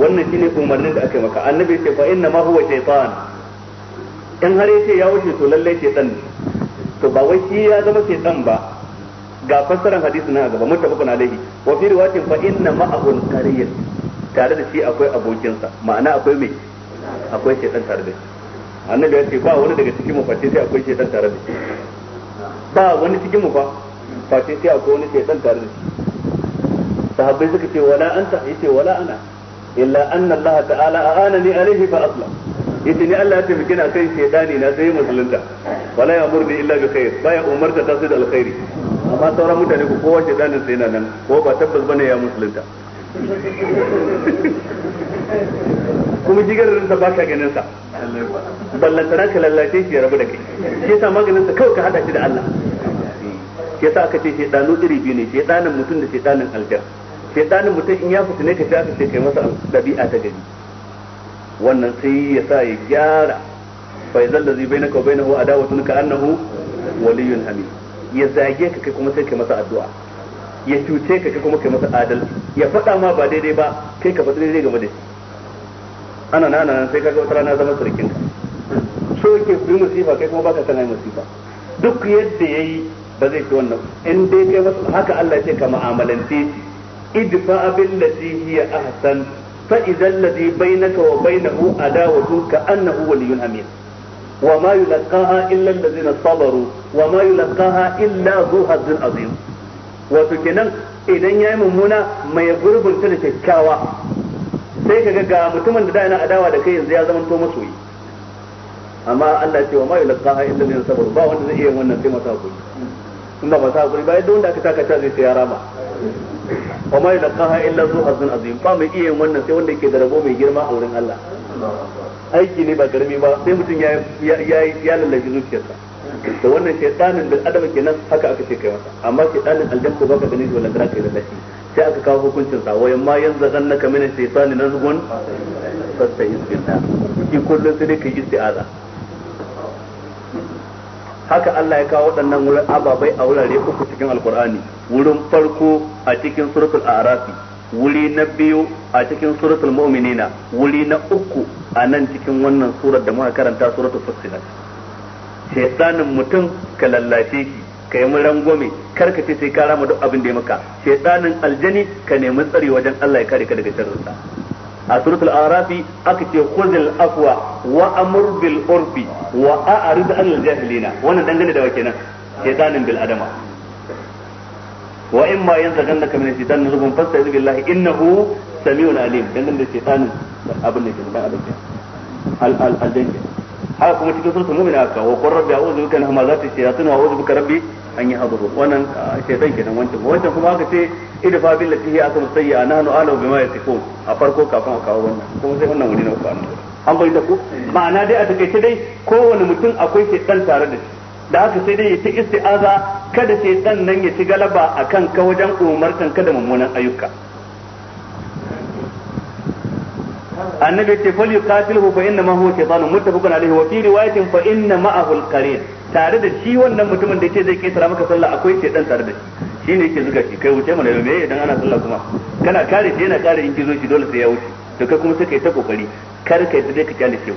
wannan shine umarnin da aka yi maka annabi ce fa inna ma huwa shaytan in har yace ya wuce to lalle shaytan ne to ba wai shi ya zama shaytan ba ga fassarar hadisi na gaba mutafakun alaihi wa fi riwayatin fa inna ma'ahul qariyah tare da shi akwai abokinsa ma'ana akwai mai akwai shaitan tare da shi annabi ya ce ba wani daga cikin mu face sai akwai shaitan tare da shi ba wani cikin mu fa face sai akwai wani shaitan tare da shi sahabbai suka ce wala anta yace wala ana illa anna Allah ta'ala a'anani alaihi fa asla. yace ni Allah ya taimake kai akan shaitani na sai musulunta wala ya'murni illa bi khair bayan umarta ta sai da alkhairi amma sauran mutane ko kowa shaitanin sai na nan ko ba tabbas bane ya musulunta kuma jigarar da ba ka ganin sa ballantana ka lallace shi ya rabu da kai shi yasa maganin sa kawai ka hada shi da Allah shi yasa aka ce shedanu iri biyu ne shedanin mutum da shedanin aljan shedanin mutum in ya fita ne ka aka sai kai masa dabi'a ta gari wannan sai ya sa ya gyara fa yazal na bainaka a dawa tun ka annahu waliyun hamid ya zage ka kai kuma sai kai masa addu'a ya cuce ka kai kuma kai masa adalci ya faɗa ma ba daidai ba kai ka faɗi daidai game da shi ana nan nan sai kaga wata rana zama sarkin ka so yake bi musifa kai kuma baka sanar musifa duk yadda yayi ba zai ci wannan in dai kai masa haka Allah ya ce ka mu'amalanci idfa billati hiya ahsan fa idzal ladhi bainaka wa bainahu adawatu ka annahu waliyyun amin وما يلقاها إلا الذين صبروا وما يلقاها إلا ذو حظ عظيم wato kenan idan yayi mummuna mai gurbin ta da kyakkyawa sai kaga ga mutumin da da yana adawa da kai yanzu ya zama to masoyi amma Allah ce wa ma yulqaha illa lil sabr ba wanda zai iya wannan sai masa hakuri in ba sa hakuri ba yadda wanda aka taka ta zai ya rama wa ma yulqaha illa zu hazin azim ba mai iya wannan sai wanda yake da rabo mai girma a wurin Allah aiki ne ba garmi ba sai mutum ya ya ya lallashi zuciyarsa da wannan shaytanin bil adama kenan haka aka ce kai masa amma shaytanin aljanna ko baka gani wannan yi da shi sai aka kawo hukuncin sa wayan ma yanzu annaka min shaytanin nazgun fasta billah ki kullun sai kai isti'aza haka Allah ya kawo waɗannan wurin ababai a wurare uku cikin alkur'ani wurin farko a cikin suratul arafi wuri na biyu a cikin suratul mu'minina wuri na uku a nan cikin wannan surar da muka karanta suratul fussilat shaitanin mutum ka lallashe shi ka yi rangwame kar ka ce sai ka rama duk abin da ya maka shaitanin aljani ka nemi tsari wajen Allah ya kare ka daga sharrinsa a suratul arafi aka ce khudhil afwa wa amur bil urfi wa a'rid anil jahilina wannan dangane da wakenan shaitanin bil adama wa in ma yanzaganaka min shaitanin rubun fasta'iz billahi innahu samiyun alim dangane da shaitanin abin da ke da abin al al haka kuma cikin suratul mu'min aka wa qur rabbi a'udhu bika min hamazati shayatin wa a'udhu bika rabbi an yahduru wannan shaytan kenan wancan wancan kuma aka ce idfa bil lati hiya a sayyi'a nahnu a'lamu bima yasifun a farko kafin a kawo wannan kuma sai wannan wani na uku an bai da ku ma'ana dai a ce dai kowane mutum akwai shaytan tare da shi da aka sai dai ya ci isti'aza kada shaytan nan ya ci galaba akan ka wajen umartan ka da mummunan ayyuka annabi ce fal yuqatilhu fa inna ma huwa shaytan muttafaqun alayhi wa fi riwayatin fa inna ma'ahu al-qarin tare da shi wannan mutumin da yake zai sara maka sallah akwai shaytan tare da shi shine yake zuga shi kai wuce mana me idan ana sallah kuma kana kare shi yana kare in kizo shi dole sai ya wuce to kai kuma kai ta kokari kar kai da ka kyale shi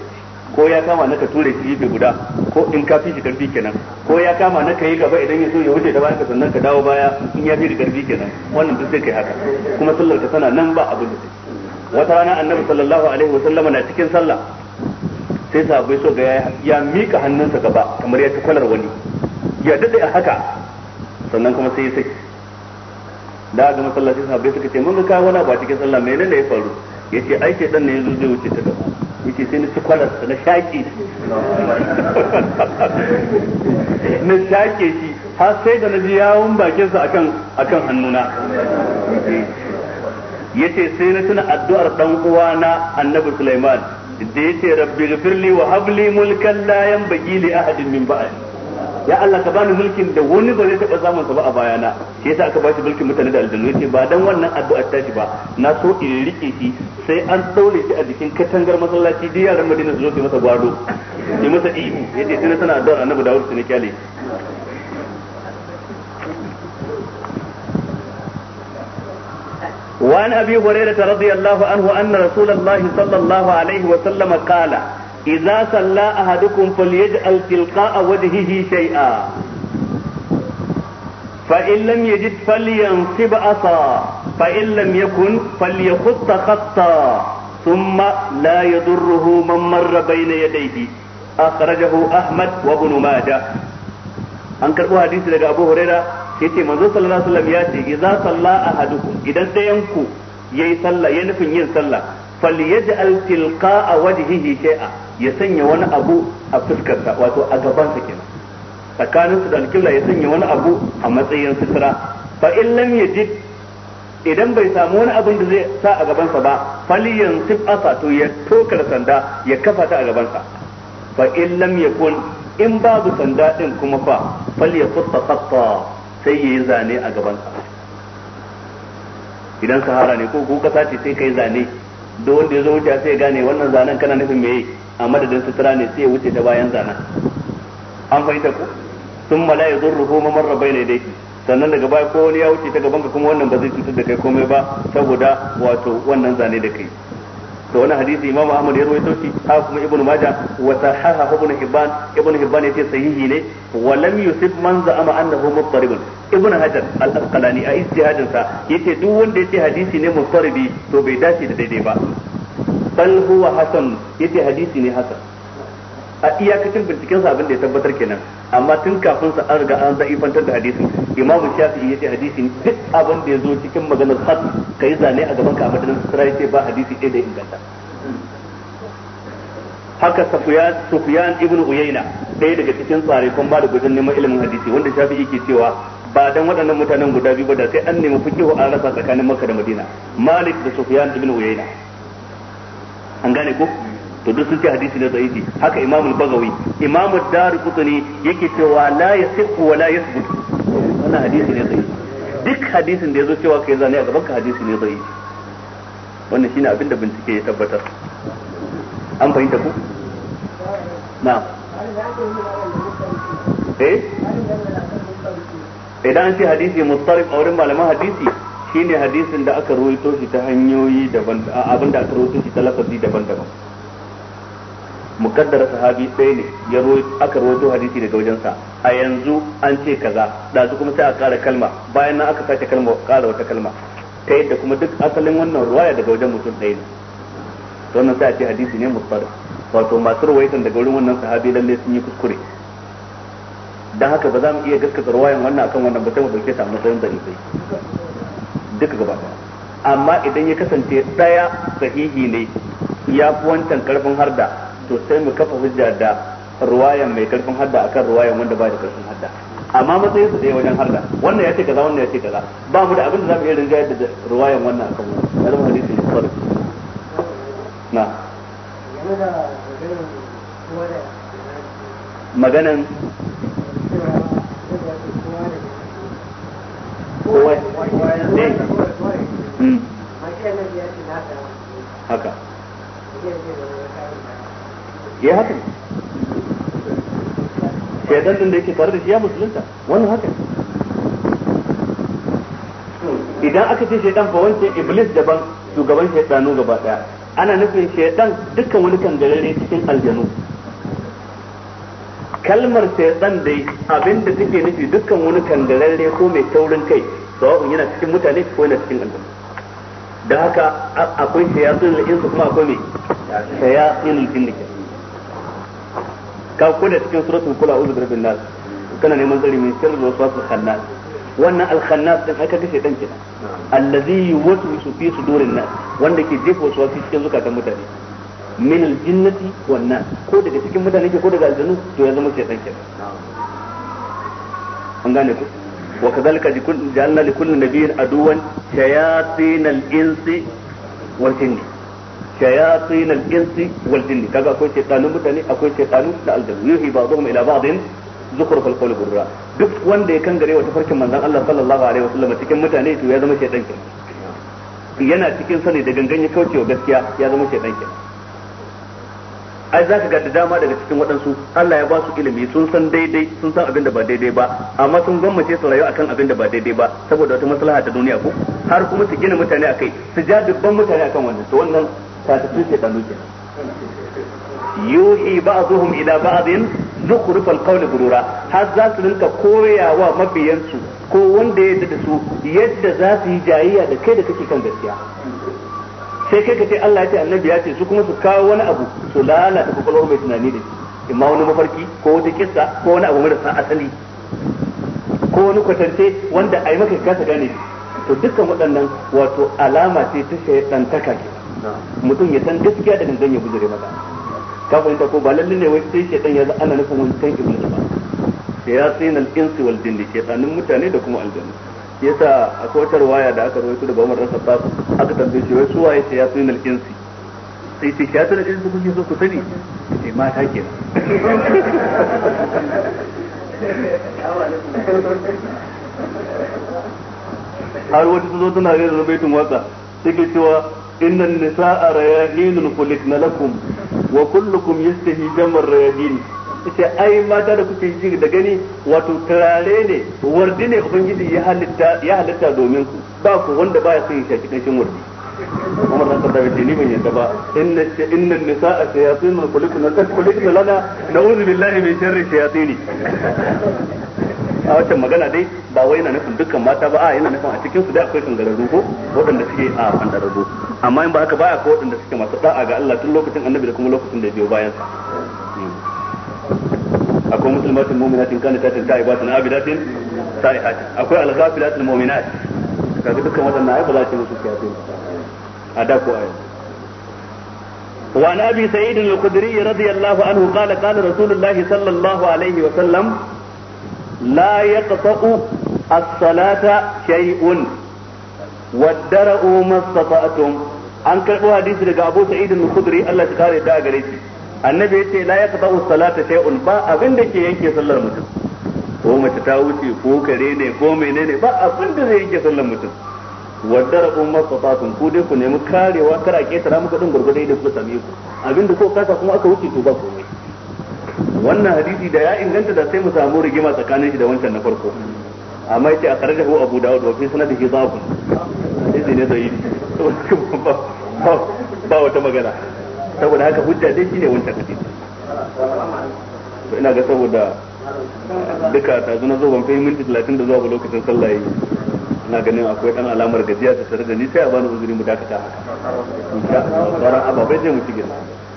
ko ya kama na ka ture shi gefe guda ko in ka fi shi karfi kenan ko ya kama na ka yi gaba idan ya so ya wuce da baka ka sannan ka dawo baya in ya fi da karfi kenan wannan duk sai kai haka kuma sallar ka tana nan ba abin da sai wata rana annabi sallallahu alaihi wasallama na cikin sallah sai sahabbai so ga ya mika hannunsa gaba kamar ya ci wani ya dade a haka sannan kuma sai ya saki da ga masallaci sahabbai suka ce mun ga kawo wani ba cikin sallah menene ya faru yace ai sai dan ne yanzu zai wuce ta gaba yace sai ni ci na shaki na shaki shi har sai da na ji yawun sa akan akan hannuna yace sai na tuna addu'ar dan uwana annabi Sulaiman da yace rabbi ghfirli wa habli mulkan la yanbaghi li ahadin min ba'di ya Allah ka bani mulkin da wani ba zai taɓa samun sa ba a bayana shi yasa aka bashi mulkin mutane da aljanu yace ba dan wannan addu'ar tashi ba na so in rike shi sai an daure shi a jikin katangar masallaci da yaran Madina su zo su masa gwado su masa ihu yace tana addu'ar Annabi Dawud su na kyale وعن أبي هريرة رضي الله عنه أن رسول الله صلى الله عليه وسلم قال إذا صلى أحدكم فليجعل تلقاء وجهه شيئا فإن لم يجد فلينصب عصا فإن لم يكن فليخط خطا ثم لا يضره من مر بين يديه أخرجه أحمد وابن ماجه أنكر حديث لك أبو هريرة yace manzo sallallahu alaihi wasallam ya ce idza salla ahadukum idan dayan ku yayi sallah ya nufin yin sallah falyaj'al tilqa'a wajhihi shay'a ya sanya wani abu a fuskarsa wato a gaban sa kenan tsakanin su da alƙibla ya sanya wani abu a matsayin sutura fa in lam yajid idan bai samu wani abin da zai sa a gabansa ba faliyan sif asa to ya tokar sanda ya kafa ta a gabansa fa in lam yakun in babu sanda din kuma fa fal ya qatta qatta sai yayi zane a gabansa idan sahara ne ko ko kasa ce sai kai zane duk wanda ya zo wuce sai ya gane wannan zanen kana nufin meye a madadin sutura ne sai ya wuce ta bayan zanen an fahimta ko sun mala ya zurru ko mamar rabai ne dai sannan daga baya ko wani ya wuce ta gaban ka kuma wannan ba zai cutar da kai komai ba saboda wato wannan zane da kai da wani hadisi imam ahmad ya rawaito shi ha kuma ibn majah wa sahaha ibn hibban ibn hibban yace sahihi ne wa lam yusib man za'ama annahu muttaribun ibn hajar al-asqalani a ijtihadin sa yace duk wanda yace hadisi ne muttaribi to bai dace da daidai ba bal huwa hasan yace hadisi ne hasan a iyakacin binciken sa abin da ya tabbatar kenan amma tun kafin sa an riga an za'ifantar da hadisin imamu shafi'i yace hadisin duk abin da ya zo cikin maganar has kai zane a gaban ka a madadin sura yace ba hadisi ɗaya da inganta haka sufyan sufyan ibn uyayna ɗaya daga cikin kun ba da gudun neman ilimin hadisi wanda shafi'i ke cewa ba dan waɗannan mutanen guda biyu ba da sai an nemi fiqh an rasa tsakanin makka da madina malik da sufyan ibn uyayna an gane ko to duk sun ce hadisi ne zaifi haka imam al-bagawi imam ad-darqutni yake cewa la yasiqu wa la yathbut wannan hadisi ne zaifi duk hadisin da yazo cewa kai zane a gaban ka hadisi ne zaifi wannan shine abin da bincike ya tabbatar an fahimta ku na eh idan an ce hadisi mustarif a wurin malaman hadisi shine hadisin da aka ruwaito shi ta hanyoyi daban abin da aka ruwaito shi ta lafazi daban-daban mukaddara sahabi ɗaya ne ya aka rawaito hadisi daga wajensa a yanzu an ce kaza dazu kuma sai a kara kalma bayan nan aka sake kalma kara wata kalma ta yadda kuma duk asalin wannan ruwaya daga wajen mutum ɗaya ne to wannan sai a ce hadisi ne mutsara wato masu ruwaitan daga wurin wannan sahabi lalle sun yi kuskure dan haka ba za mu iya gaskata ruwayan wannan akan wannan ba sai mu dauke ta matsayin da ifai duka gaba amma idan ya kasance daya sahihi ne ya fi wancan karfin harda to sai mu kafa hujja da ruwayan mai karfin hadda akan ruwayan wanda ba da karfin hadda amma matsayin su ɗaya wajen harda wannan ya ce kaza wannan ya ce kaza ba mu da abin da za mu iya rinjaya da ruwayan wannan akan mu ya zama hadisi ne kawai na maganan eh. hmm. haka ya eh, haka shaidan din da yake tare da shi ya musulunta wannan haka idan aka ce shaidan fa wance iblis daban shugaban shaidanu gaba daya ana nufin shaidan dukkan wani kangarare cikin aljanu kalmar shaidan dai abinda take nufi dukkan wani kangarare ko mai taurin kai sawa'un yana cikin mutane ko yana cikin aljanu da haka akwai shayatun al'insu kuma akwai mai shayatun jinnikin ka kula cikin suratul kula uzu birbin nas kana neman tsari min sirri da wasu khannas wannan al-khannas din aka kashe dan kina allazi yuwaswisu fi sudurin nas wanda ke jefa wasu cikin zukatan mutane min al-jinnati wan nas ko daga cikin mutane ke ko daga aljannu to ya zama dan kina an gane ku wa kadhalika ja'alna li kulli nabiyyin aduwan shayatin al-insi wal jinni shayatin al-insi wal jinni kaga akwai shaytanun mutane akwai shaytanu da aljannu yuhi ba'dhum ila ba'dhin zukhruf al-qawl gurra duk wanda ya kangare wata farkin manzon Allah sallallahu alaihi wasallam cikin mutane to ya zama shaytan kenan yana cikin sani da gangan ya gaskiya ya zama shaytan kenan ai za ga da dama daga cikin waɗansu Allah ya ba su ilimi sun san daidai sun san abin da ba daidai ba amma sun gwammace su rayu akan abin da ba daidai ba saboda wata maslaha ta duniya ko har kuma su gina mutane akai su ja dubban mutane akan wannan to wannan shatatun shedanu kenan yuhi ba'dhum ila ba'dhin zukhruf al-qawl gurura har za su rinka koyawa mabiyansu ko wanda ya da su yadda za su yi jayayya da kai da kake kan gaskiya sai kai ka ce Allah ya ce annabi ya ce su kuma su kawo wani abu su lalata kwakwalwar mai tunani da shi imma wani mafarki ko wata kissa ko wani abu mara san asali ko wani kwatance wanda ai maka kasa gane to dukkan waɗannan wato alama ce ta shaidantaka ke mutum ya san gaskiya da gangan ya gujire mata ka fahimta ko ba lalle ne wai sai shedan ya za ana nufin wani kan ibnu ba sai nan insu wal jinni shedanin mutane da kuma aljanna yasa a wata waya da aka rawaito da bamar rasa ta aka tambaye shi wai suwaye shayatin Sai ya sai ya shayatin al-insi kuke so ku sani sai mata kenan har wata zo tana rera baitin sai ke cewa inna nisaa rayahinun kulikna jamar rayahin ita ai mata da kuke ji da gani wato turare ne wardi ne ubangiji ya halitta ya halitta domin ku ba ku wanda baya son ya shaki kanshin wardi Umar dan Khattab ce ni ban yadda ba inna inna nisaa shayatin kulikna kulikna lana na'udhu billahi min sharri shayatin a watan magana dai ba wai yana nufin dukkan mata ba a yana nufin a cikin su dai akwai kangararru ko waɗanda suke a fandararru amma in ba haka baya ko waɗanda suke masu da'a ga Allah tun lokacin annabi da kuma lokacin da biyo bayan sa akwai musulmatin mu'minatin kanatatin ta'ibatin abidatin sa'ihatin akwai al-ghafilatul mu'minat kaga dukkan waɗannan ai ba za ta musu kiyaye a da ko ai وعن ابي سعيد الخدري رضي الله عنه قال قال رسول الله صلى الله عليه وسلم la yaqta'u as-salata shay'un waddara'u mastata'tum an karbo hadisi daga Abu Sa'id al-Khudri Allah ya kare da gare shi annabi yace la yaqta'u as-salata shay'un ba abin da yanke sallar mutum ko mace ta wuce ko kare ne ko menene ba abin da yanke sallar mutum wadda rabon masafatun ku dai ku nemi karewa kar a ketara muku din gurgurdai da ku same ku abinda ko kasa kuma aka wuce to ba wannan hadisi da ya inganta da sai mu samu rigima tsakanin shi da wancan na farko amma yace a da hu abu dawud wa fi sanadi sanadihi zabu hadisi ne zai ba wata magana saboda haka hujja dai shine wancan hadisi to ina ga saboda duka ta zuna zo ban fahimci minti 30 da zuwa ga lokacin sallah yi ina ganin akwai dan alamar gajiya ta tare da ni sai a bani uzuri mu dakata haka sauran ababai zai mu ci gaba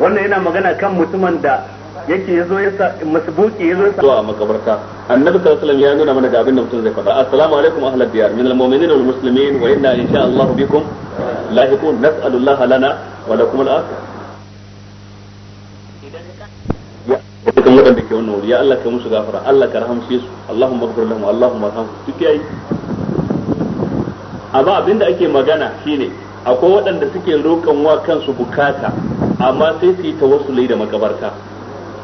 wannan yana magana kan mutumin da yake yazo ya sa masbuki yazo ya zuwa makabarta annabi sallallahu alaihi wasallam ya nuna mana da abin da mutum zai faɗa assalamu alaikum ahlal diyar min almu'minina wal muslimin wa inna insha Allah bikum lahiqun allah lana wa lakum al dukkan waɗanda ke wannan wuri ya Allah ka musu gafara Allah ka rahamshe su Allahumma ighfir lahum Allahumma arhamhum duk yayi amma abinda ake magana shine akwai waɗanda suke roƙon wa kansu bukata amma sai su yi ta wasu da makabarta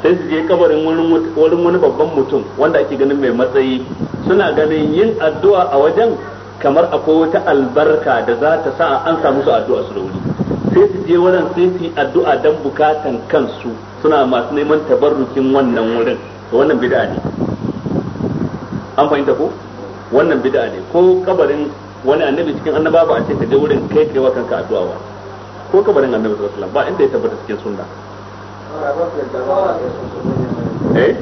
sai su je kabarin wurin wani babban mutum wanda ake ganin mai matsayi suna ganin yin addu'a a wajen kamar akwai wata albarka da za ta sa an samu su addu'a su rauni sai su je wurin sai su yi addu'a don bukatan kansu suna masu neman tabarrukin wannan wurin to wannan bid'a ne an fahimta ko wannan bid'a ne ko kabarin wani annabi cikin annaba ba a ce ka je wurin kai kai wa kanka addu'a ba ko ka barin annabi sallallahu alaihi wasallam ba inda ya tabbata cikin sunna eh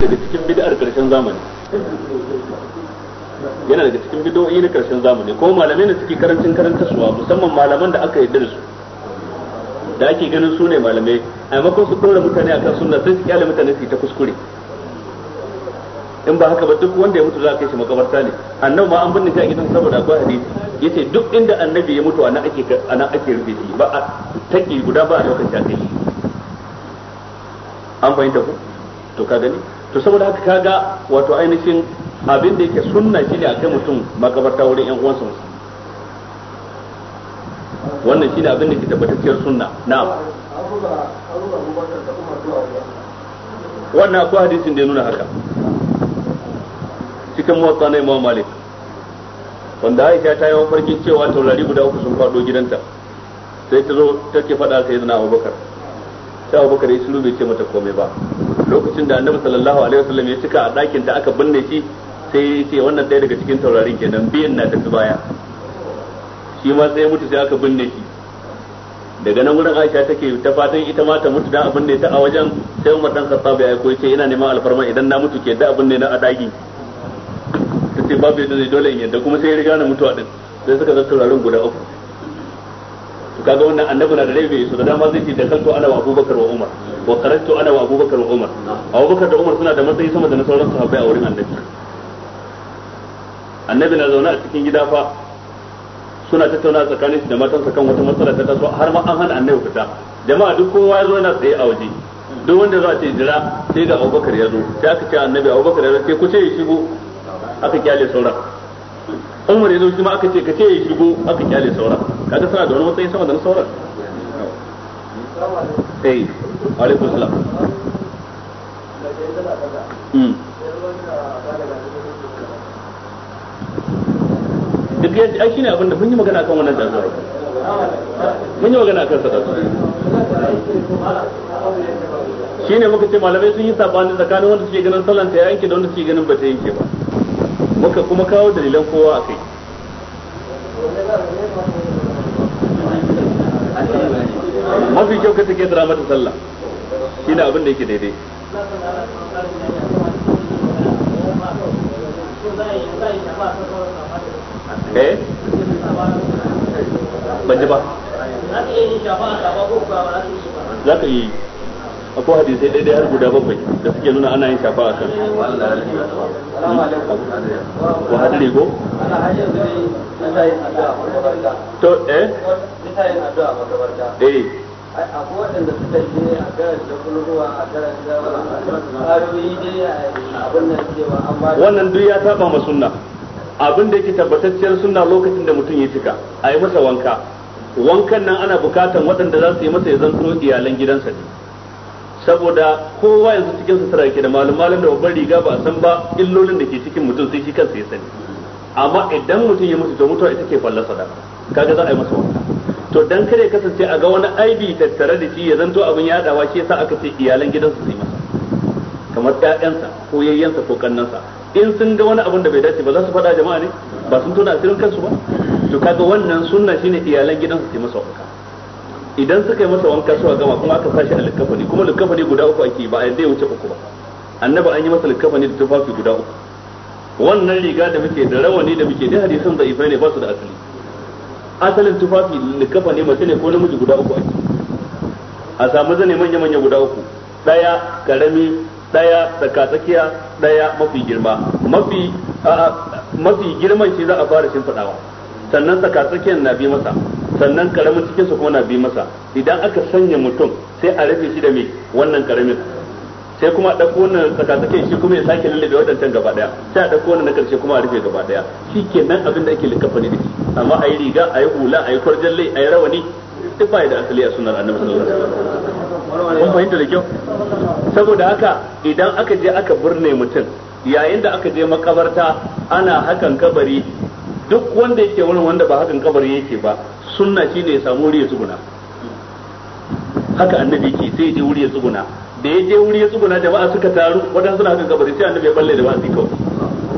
daga cikin bid'ar karshen zamani yana daga cikin bid'o'i na karshen zamani ko malamai ne suke karancin karanta suwa musamman malaman da aka yarda da su da ake ganin su ne malamai a maimakon su dora mutane akan sunna sai su kyale mutane su ta kuskure in ba haka ba duk wanda ya mutu za a kai shi makabarta ne annabi ma an binne shi a gidan saboda akwai hadisi yace duk inda annabi ya mutu ana ake ana ake rufe shi ba a taki guda ba a lokacin da kai an fahimta ku to ka gani to saboda haka kaga wato ainihin abin da yake sunna ne a kai mutum makabarta wurin yan uwansa wannan ne abin da ke tabbatacciyar sunna na'am wannan akwai hadisin da ya nuna haka cikin motsa na imam malik wanda aisha ta yi farkin cewa taurari guda uku sun faɗo gidanta sai ta zo ta ke faɗa sai zana abubakar sai abubakar ya shiru bai ce mata komai ba lokacin da annabi sallallahu alaihi wasallam ya cika a ɗakin da aka binne shi sai ya ce wannan ɗaya daga cikin taurarin kenan biyan na tafi baya shi ma sai ya mutu sai aka binne shi daga nan wurin aisha take ta fatan ita ma ta mutu da abin ne ta a wajen sai umar dan khattab ya aiko ce ina neman alfarma idan na mutu ke da abin ne na a adagi ce babu yadda zai dole in yadda kuma sai ya riga na mutuwa din sai suka zarta rarun guda uku to kaga wannan annabi na da rai su da dama zai ce da kanto ana wa Abubakar wa Umar wa qaratu ana wa Abubakar wa Umar Abubakar da Umar suna da matsayi sama da na sauran sahabbai a wurin annabi annabi na zaune a cikin gida fa suna tattauna tsakanin da matansa kan wata matsala ta kasuwa har ma an hana annabi fita jama'a duk kowa ya zo yana tsaye a waje duk wanda za ta jira sai ga abubakar ya zo sai aka ce annabi abubakar ya zo sai ku ce ya shigo aka kyale sauran umar ya zo shi ma aka ce ka ce ya shigo aka kyale sauran kaga suna da wani matsayin sama da na sauran eh alaikum salam hmm. duk yadda ai ne abinda mun yi magana kan wannan dazuwa mun yi magana kan sa ne muka ce malamai sun yi sabani tsakanin wanda suke ganin sallan ta yanke da wanda suke ganin ba ta yanke ba muka kuma kawo dalilan kowa a kai mafi kyau ka take dira mata sallah shine abin da yake daidai eh ban ji ba za ka iya yi akwai hadisai daidai har guda bakwai da suke nuna ana yin shafa a kan wa ko to eh eh akwai waɗanda suka yi wannan duk ya saba ma sunna abin da yake tabbatacciyar sunna lokacin da mutum ya cika a yi masa wanka wankan nan ana bukatan waɗanda za su yi masa ya zanto iyalan gidansa ne saboda kowa yanzu cikin sutura yake da malum malum da babban riga ba san ba illolin da ke cikin mutum sai shi kansa ya sani amma idan mutum ya mutu to mutuwa ita ke fallasa da kaga za a yi masa wanka to dan kare kasance a ga wani aibi tattare da shi ya zanto abin dawa shi yasa aka ce iyalan gidansa su masa kamar ƴaƴansa ko yayyansa ko kannansa in sun ga wani abin da bai dace ba za su faɗa jama'a ne ba sun tona asirin kansu ba to kaga wannan sunna shine iyalan gidansa su masa wanka idan suka yi masa wanka suka gama kuma aka sashi a likafani kuma likafani guda uku ake ba a yadda ya wuce uku ba annabi an yi masa likafani da tufafi guda uku wannan riga da muke da rawani da muke da hadisan da ifai ne ba su da asali asalin tufafi likafani mace ne ko namiji guda uku ake a samu zane manya manya guda uku daya karami daya tsakatsakiya daya mafi girma mafi mafi girman shi za a fara shimfidawa sannan tsakiyar na bi masa sannan karamin cikin su kuma na bi masa idan aka sanya mutum sai a rufe shi da mai wannan karamin sai kuma ɗauko wannan tsakiyar shi kuma ya sake lallabe waɗancan gaba daya sai a ɗauko wannan na karshe kuma a rufe gaba daya shi nan abin da ake likafa ne dake amma a yi riga a yi hula a yi lai a yi rawani duk ba da asali a sunan annabi sallallahu alaihi wasallam kun fahimta da kyau saboda haka idan aka je aka burne mutum yayin da aka je makabarta ana hakan kabari duk wanda yake wurin wanda ba hakan kabari yake ba sunna ne ya samu wuri ya tsuguna haka annabi ke sai je wuri ya tsuguna da ya je wuri ya tsuguna jama'a suka taru wadan suna hakan kabari sai annabi ya balle da wa'azi kawai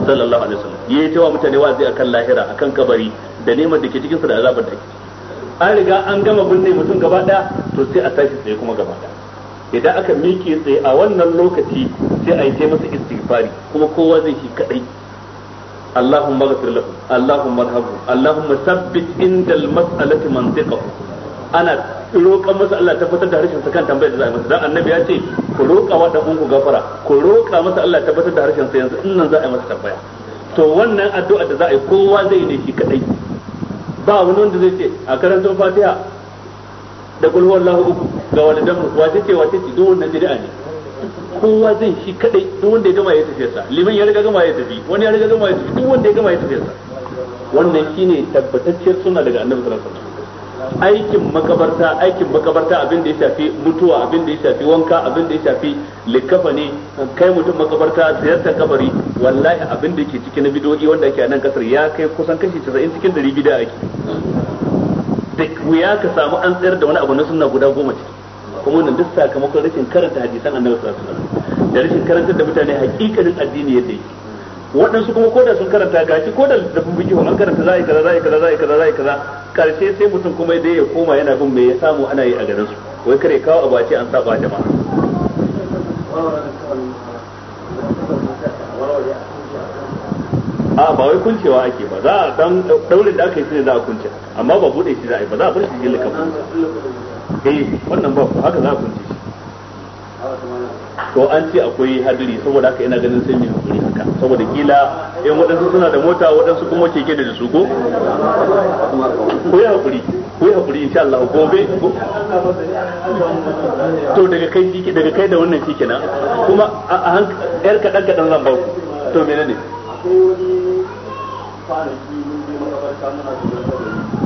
sallallahu alaihi wasallam yayi tawa mutane wa'azi akan lahira akan kabari da neman da ke cikin su da azabar take ke an riga an gama binne mutum gaba daya to sai a tashi tsaye kuma gaba daya idan aka miƙe tsaye a wannan lokaci sai a yi masa istighfari kuma kowa zai shi kadai اللهم اغفر له اللهم ارحمه اللهم ثبت عند المسألة منطقه ana roƙa masa Allah tabbatar da harshen sa kan tambayar da za a masa dan annabi ya ce ku roƙa wa dan uku gafara ku roƙa masa Allah tabbatar da harshen sa yanzu in nan za a yi masa tambaya to wannan addu'a da za a yi kowa zai ne shi kadai ba wani wanda zai ce a karantun Fatiha da kul huwallahu uku ga walidan wace ce wace ce duk wannan bid'a ne kowa zai shi kadai duk wanda ya gama ya tafi sa liman ya riga gama ya tafi wani ya riga gama ya tafi duk wanda ya gama ya tafi sa wannan shine tabbatacciyar suna daga annabi sallallahu alaihi wasallam aikin makabarta aikin makabarta abin da ya shafi mutuwa abin da ya shafi wanka abin da ya shafi likafani kai mutum makabarta ziyartar kabari wallahi abin da ke cikin bidoyi wanda ake a nan kasar ya kai kusan kashi 90 cikin 100 da ake da wuya ka samu an tsayar da wani abu na sunna guda goma ciki kuma wannan duk sakamakon rashin karanta hadisan annabi sallallahu alaihi wasallam da rashin karantar da mutane hakikanin addini yadda yake waɗansu kuma koda sun karanta gashi koda littafin biki an karanta za'i kaza za'i kaza za'i kaza za'i kaza karshe sai mutum kuma dai ya koma yana bin me ya samu ana yi a garin su wai kare kawo abu a ce an saba jama'a a ba wai kuncewa ake ba za a dan daurin da aka yi shi ne za a kunce amma ba bude shi za a yi ba za a bar shi jillikan eh wannan ba haka za a kunce to an ce akwai hadiri saboda haka ina ganin sun yi hakuri haka saboda kila yan eh, waɗansu suna da mota waɗansu kuma keke da su ko ko ya hakuri ko ya hakuri insha Allah gobe to daga kai shike daga kai da wannan shike na kuma a hank yar kaɗan kaɗan zan ba ku to ne akwai wani kwanaki mun je makabarta muna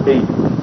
da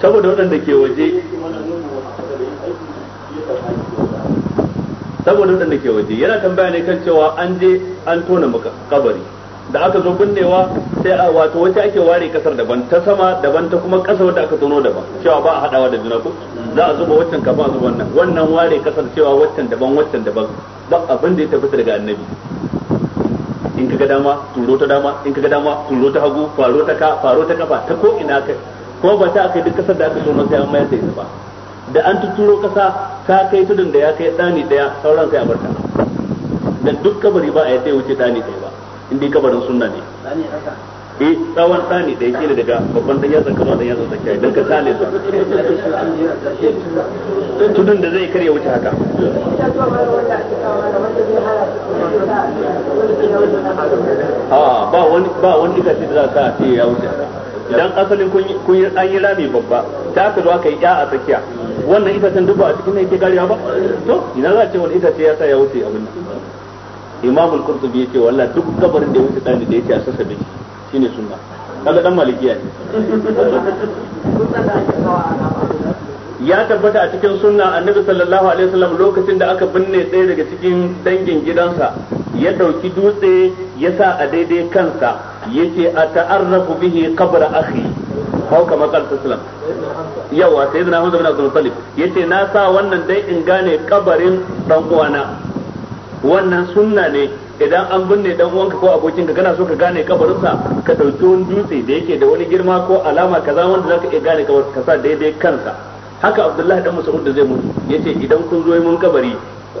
saboda waɗanda ke waje saboda waɗanda ke waje yana tambaya ne kan cewa an je an tona maka kabari da aka zo binnewa sai a wato wacce ake ware kasar daban ta sama daban ta kuma kasa wadda aka tono daban cewa ba a hadawa da juna ko za a zuba waccan kafin a zuba wannan wannan ware kasar cewa waccan daban waccan daban ba abin da ya tafi daga annabi in ka ga dama turo ta dama in ka ga dama turo ta hagu faro ta ka faro ta kafa ta ko ina kai ko ba ta aka duk kasar da aka tono sai an mayar da ita ba da an tuturo kasa ka kai tudun da ya kai dani daya sauran sai a barta dan duk kabari ba a yadda ya wuce dani daya ba indai kabarin sunna ne eh tsawon tsani da ne daga babban dan yatsa kama dan yatsa tsakiya idan ka tsale su tudun da zai karya wuce haka a ba wani ba wani da za a ce ya wuce haka dan asalin kun yi an yi rami babba ta ka zo aka yi ya a tsakiya wannan itacen duk ba a cikin ne yake kariya ba to ina za a ce wani itace ya sa ya wuce abin nan imam al-qurtubi yace walla duk kabarin da ya wuce dani da yake a sassa biki shine sunna kaga dan malikiya ne ya tabbata a cikin sunna annabi sallallahu alaihi wasallam lokacin da aka binne ɗaya daga cikin dangin gidansa ya ɗauki dutse ya sa a daidai kansa ce a ta'arrafu bihi qabr akhi hau kama kal islam yawa sai zina hamza bin abdul talib ce na sa wannan dai in gane kabarin dan uwana wannan sunna ne idan an binne dan uwanka ko abokin ka kana so ka gane kabarinsa ka ɗauki wani dutse da yake da wani girma ko alama kaza wanda zaka iya gane kabarinsa ka sa daidai kansa haka abdullahi dan mas'ud da zai mutu ce idan kun zo mun kabari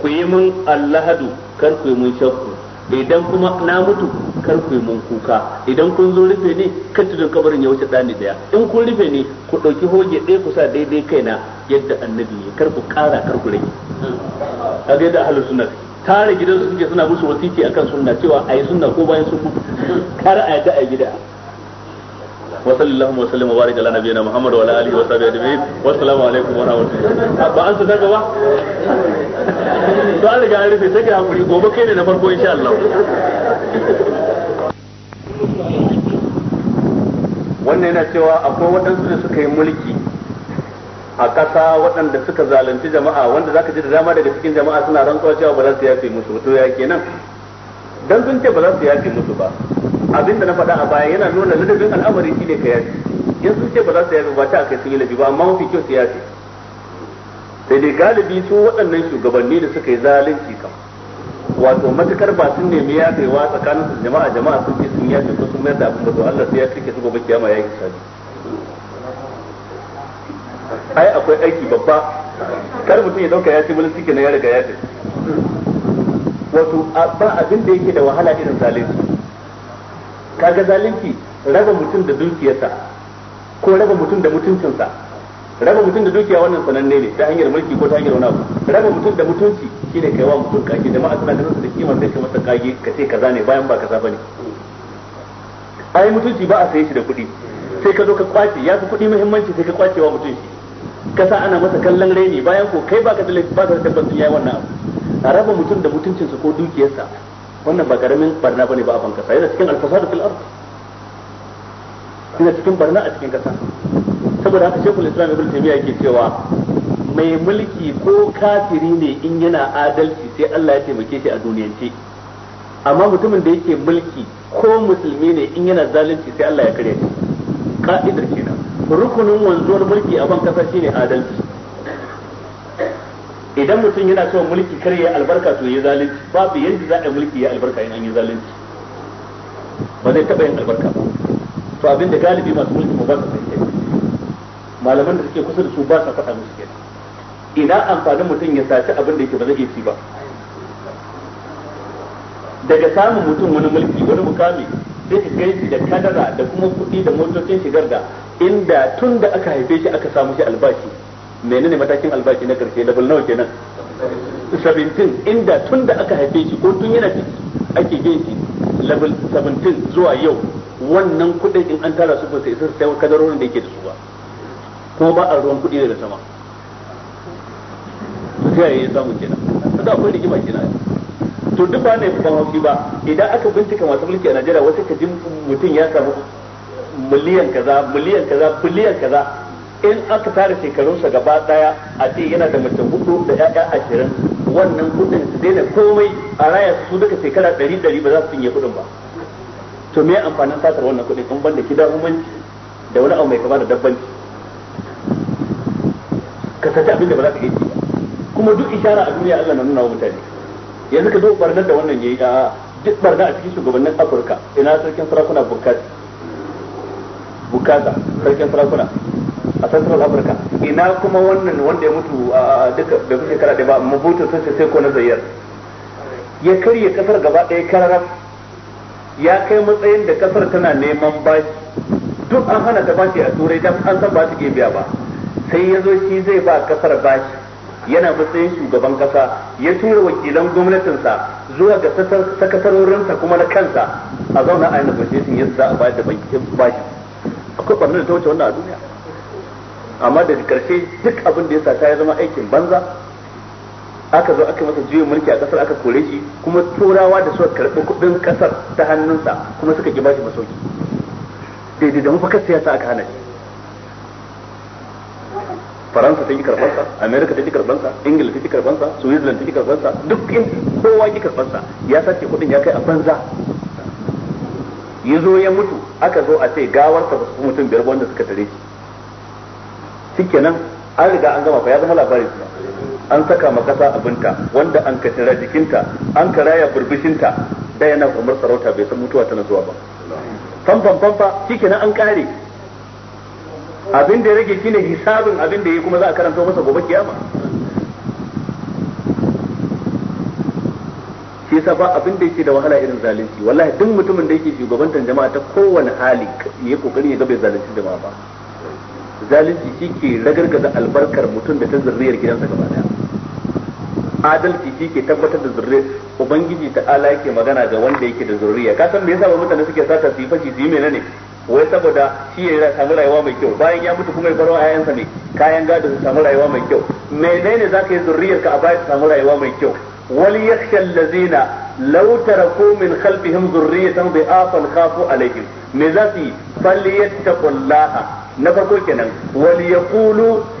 ku yi mun allahadu kar ku yi mun shakku idan kuma na mutu kar ku yi mun kuka idan kun zo rufe ni kar don kabarin ya wuce dani daya in kun rufe ni ku dauki hoge ɗaya ku sa daidai kaina yadda annabi ya kar ku kara kar ku rage ga yadda ahlus sunna tare gidan su suke suna musu wasiki akan sunna cewa ayi sunna ko bayan sun mutu kar a yadda ayi gida. wa sallallahu wa sallam wa baraka ala nabiyina muhammad wa ala alihi wa sahbihi ajma'in wa assalamu alaikum wa rahmatullahi rufe sai kai hakuri gobe kai ne na farko insha Allah wannan yana cewa akwai waɗansu da suka yi mulki a ƙasa waɗanda suka zalunci jama'a wanda za ka ji da dama daga cikin jama'a suna rantsuwa cewa ba za su yafe musu to ya kenan don sun ce ba za su yafe musu ba abinda na faɗa a baya yana nuna ladabin al'amari shine ka yafi in sun ce ba za su yafi ba ta kai sun yi labi ba amma mafi kyau su yafi sai dai galibi su waɗannan shugabanni da suka yi zalunci kam wato matukar ba sun nemi wa tsakanin su jama'a jama'a sun ce sun yafe ko sun mayar da abin ba to Allah sai ya kike su gobe kiyama ya yi hisabi ai akwai aiki babba kar mutum ya dauka ya ci mulki kenan ya riga ya tafi wato ba abin da yake da wahala irin zalunci kaga zalunci raba mutum da dukiyarsa ko raba mutum da mutuncinsa raba mutum da dukiya wannan sananne ne ta hanyar mulki ko ta hanyar wani abu raba mutum da mutunci shine kaiwa mutum kage jama'a suna ganin su da kima sai ka masa kage ka ce kaza ne bayan ba kaza bane ai mutunci ba a saye shi da kuɗi sai ka zo ka kwace ya fi kuɗi muhimmanci sai ka kwace wa mutunci kasa ana masa kallon raini bayan ko kai ba ka da ba ka da tabbacin yayi wannan abu a raba mutum da mutuncinsa ko dukiyarsa wannan ba karamin barna bane ba a ban kasa yana cikin alfasadu fil ard yana cikin barna a cikin kasa saboda haka shekul islam ibn taymiya yake cewa mai mulki ko kafiri ne in yana adalci sai Allah ya taimake shi a duniyance amma mutumin da yake mulki ko musulmi ne in yana zalunci sai Allah ya kare shi ka'idar kenan rukunin wanzuwar mulki a ban kasa shine adalci idan mutum yana so mulki kar ya albarka to ya zalunci babu yanda za a mulki ya albarka in an yi zalunci ba zai taba yin albarka ba to abin da galibi masu mulki ba su fahimta malaman da suke kusa da su ba su faɗa musu kenan ina amfanin mutum ya saci abin da yake ba zai ci ba daga samun mutum wani mulki wani mukami sai ka gaishe da kadara da kuma kuɗi da motocin shigar da inda tun da aka haife shi aka samu shi albashi menene matakin albashi na karshe level nawa kenan 17 inda tun da aka haife shi ko tun yana ciki ake gina shi level 17 zuwa yau wannan kudin in an tara su ba sai sai kadarorin da yake da su ba ko ba a ruwan kudi daga sama su sai ya samu kenan da akwai rigima kenan to duk ba ne kuma hauki ba idan aka bincika masu mulki a Najeriya wasu ka ji mutum ya samu miliyan kaza miliyan kaza biliyan kaza in aka tara shekarunsa gaba daya a ce yana da mace hudu da ƴaƴa ashirin wannan kudin su daina komai a raya su duka shekara ɗari ɗari ba za su cinye kudin ba to me amfanin satar wannan kudin in banda kida hukunci da wani abu mai kama da dabbanci ka saci abin da ba za ka yi kuma duk ishara a duniya Allah na nuna wa mutane yanzu ka zo barnar da wannan yayi a duk barna a cikin shugabannin Afirka ina sarkin sarakuna bukata bukata sarkin sarakuna a central africa ina kuma wannan wanda ya mutu a duka da kuke kara da ba mabuta sun sai ko na zayyar ya karye kasar gaba ɗaya kararraf ya kai matsayin da kasar tana neman bashi duk an hana ta bashi a turai da an san ba su ke biya ba sai ya zo shi zai ba kasar bashi yana matsayin shugaban kasa ya tura wakilan gwamnatinsa zuwa ga sakatarorinsa kuma na kansa a zauna a yi negotiation yadda za a bayar da bashi akwai ɓarnar da ta wuce wannan a duniya amma daga karshe duk abin da ya ta ya zama aikin banza aka zo aka masa juyin mulki a kasar aka kore shi kuma turawa da suka karɓi kuɗin kasar ta hannunsa kuma suka ki bashi masauki daidai da mafakar siyasa aka hana shi faransa ta ki karbansa amerika ta ki karbansa ingila ta ki karbansa switzerland ta ki karbansa duk in kowa ki karbansa ya sace kuɗin ya kai a banza ya zo ya mutu aka zo a ce gawarsa ba su mutum biyar wanda suka tare shi shikenan an riga an gama fa ya zama labari kuma an saka ma kasa abinta wanda an katira jikinta an karaya burbushinta da yana kamar sarauta bai san mutuwa tana zuwa ba famfan fa shikenan an kare abin da ya rage shine hisabin abin da ya kuma za a karanta masa gobe kiyama shi yasa ba abin da yake da wahala irin zalunci wallahi duk mutumin da yake shugabantar jama'a ta kowane hali ya kokari ya ga bai zalunci jama'a ba zalunci shi ke ragargaza albarkar mutum da ta zurriyar gidansa gaba daya adalci shi ke tabbatar da zurriyar ubangiji ta ala yake magana ga wanda yake da zurriya kasan san me yasa ba mutane suke sata su yi fashi su yi menene wai saboda shi ya samu rayuwa mai kyau bayan ya mutu kuma ya barwa ayansa ne kayan gado su samu rayuwa mai kyau menene zaka yi zurriyar ka a baya su samu rayuwa mai kyau wal yakhsha na. لو تركوا من خلفهم ذرية ضعافا خافوا عليهم me za الله yi falyattaqullaha na قولا kenan أبو نبي qawlan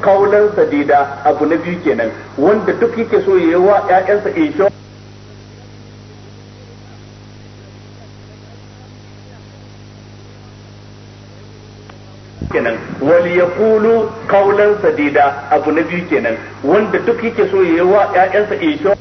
sadida abu na biyu kenan wanda duk ya wa kenan wal yaqulu qawlan sadida abu na biyu kenan wanda duk yake so yayi wa ƴaƴansa insha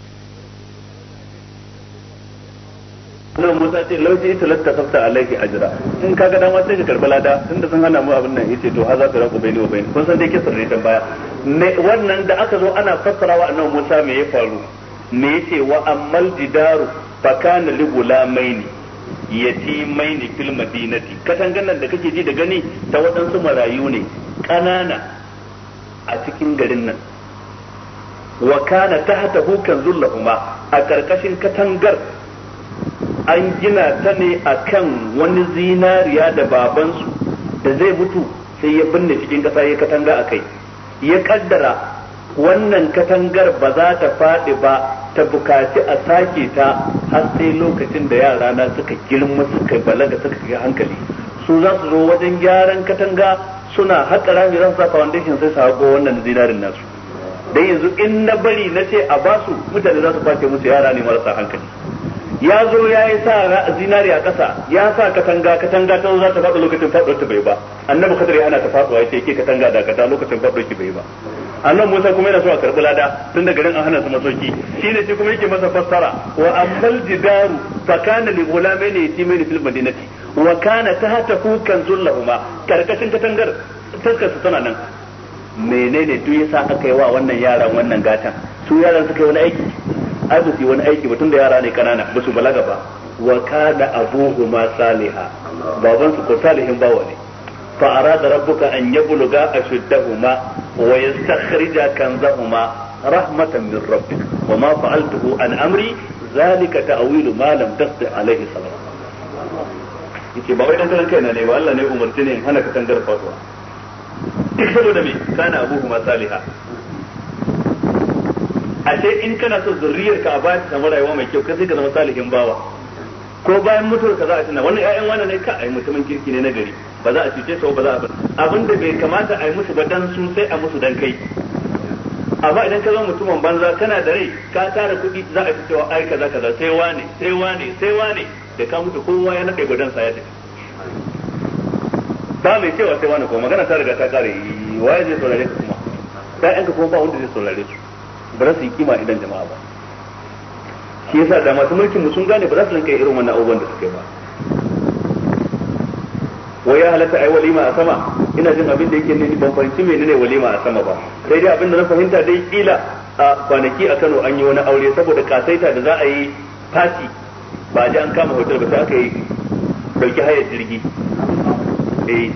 Musa ce lauji ita latta tafta alaihi ajra in ka ga dama sai ka karbi lada tunda sun hana mu abin nan yace to haza ka raku baini wa baini kun san dai kisar ne ta baya ne wannan da aka zo ana fassarawa annabi Musa me ya faru me yace wa ammal jidaru fa kana li gulamaini yatimaini fil madinati katangan nan da kake ji da gani ta waɗansu marayu ne kanana a cikin garin nan wa kana tahta hukan lahuma a karkashin katangar an gina ta ne a kan wani zinariya da babansu da zai mutu sai ya binne cikin kasa ya katanga a kai ya kaddara wannan katangar ba za ta faɗi ba ta bukaci a sake ta har sai lokacin da yara na suka girma suka balaga suka ga hankali su za su zo wajen gyaran katanga suna haƙa rami za su sa foundation sai su haƙo wannan zinarin nasu dan yanzu in na bari na ce a basu mutane za su kwace musu yara ne marasa hankali ya zo ya yi sa zinari a ƙasa ya sa katanga katanga ta za ta faɗo lokacin faɗo ta bai ba annabi kadar ya ana ta faɗuwa ya ke katanga da kata lokacin faɗo ki bai ba annabi Musa kuma yana so a karɓi lada tun da garin an hana su masoki shi ne shi kuma yake masa fassara wa ammal jidaru fa kana li ghulamaini yatimaini fil madinati wa kana tahtahu kanzul lahumma karkashin katangar taskar su tana nan menene duk yasa aka yi wa wannan yaran wannan gatan su yaran suka yi wani aiki ai ba su yi wani aiki ba tun da yara ne kanana ba su balaga ba wa kana abuhuma saliha baban su ko salihin bawa ne fa arada rabbuka an yabluga ashuddahuma wa yastakhrija kanzahuma rahmatan min rabbik wa ma fa'altuhu an amri zalika ta'wilu ma lam tasti alaihi sabr yake ba wai dan karan kaina ne ba Allah ne umarci ne hana ka tangar fatuwa saboda me kana abuhuma saliha ashe in kana so zurriyar ka a baya ta samu rayuwa mai kyau kai sai ka zama salihin bawa ko bayan mutuwar ka za a tuna wannan ƴaƴan wani ne ka ai mutumin kirki ne na gari ba za a cuce su ba za a bar abin da bai kamata a yi musu ba dan su sai a musu dan kai amma idan ka zama mutumin banza kana da rai ka tara kuɗi za a fi cewa ai kaza kaza sai wane sai wane sai wane da ka mutu kowa ya naɗe gudan sa ya tafi ba mai cewa sai wane ko magana ta riga ta kare waye zai saurare ka kuma ta yanka kuma ba wanda zai saurare su ba za su yi kima idan jama'a ba shi yasa da masu mulkin mu sun gane ba za su rinka irin wannan abubuwan da su kai ba wai ya halatta ai walima a sama ina jin abin da yake ne ban fahimci ne walima a sama ba sai dai abin da na fahimta dai kila a kwanaki a Kano an yi wani aure saboda kasaita da za a yi fati ba a ji an kama hotel ba sai aka yi dauki hayar jirgi eh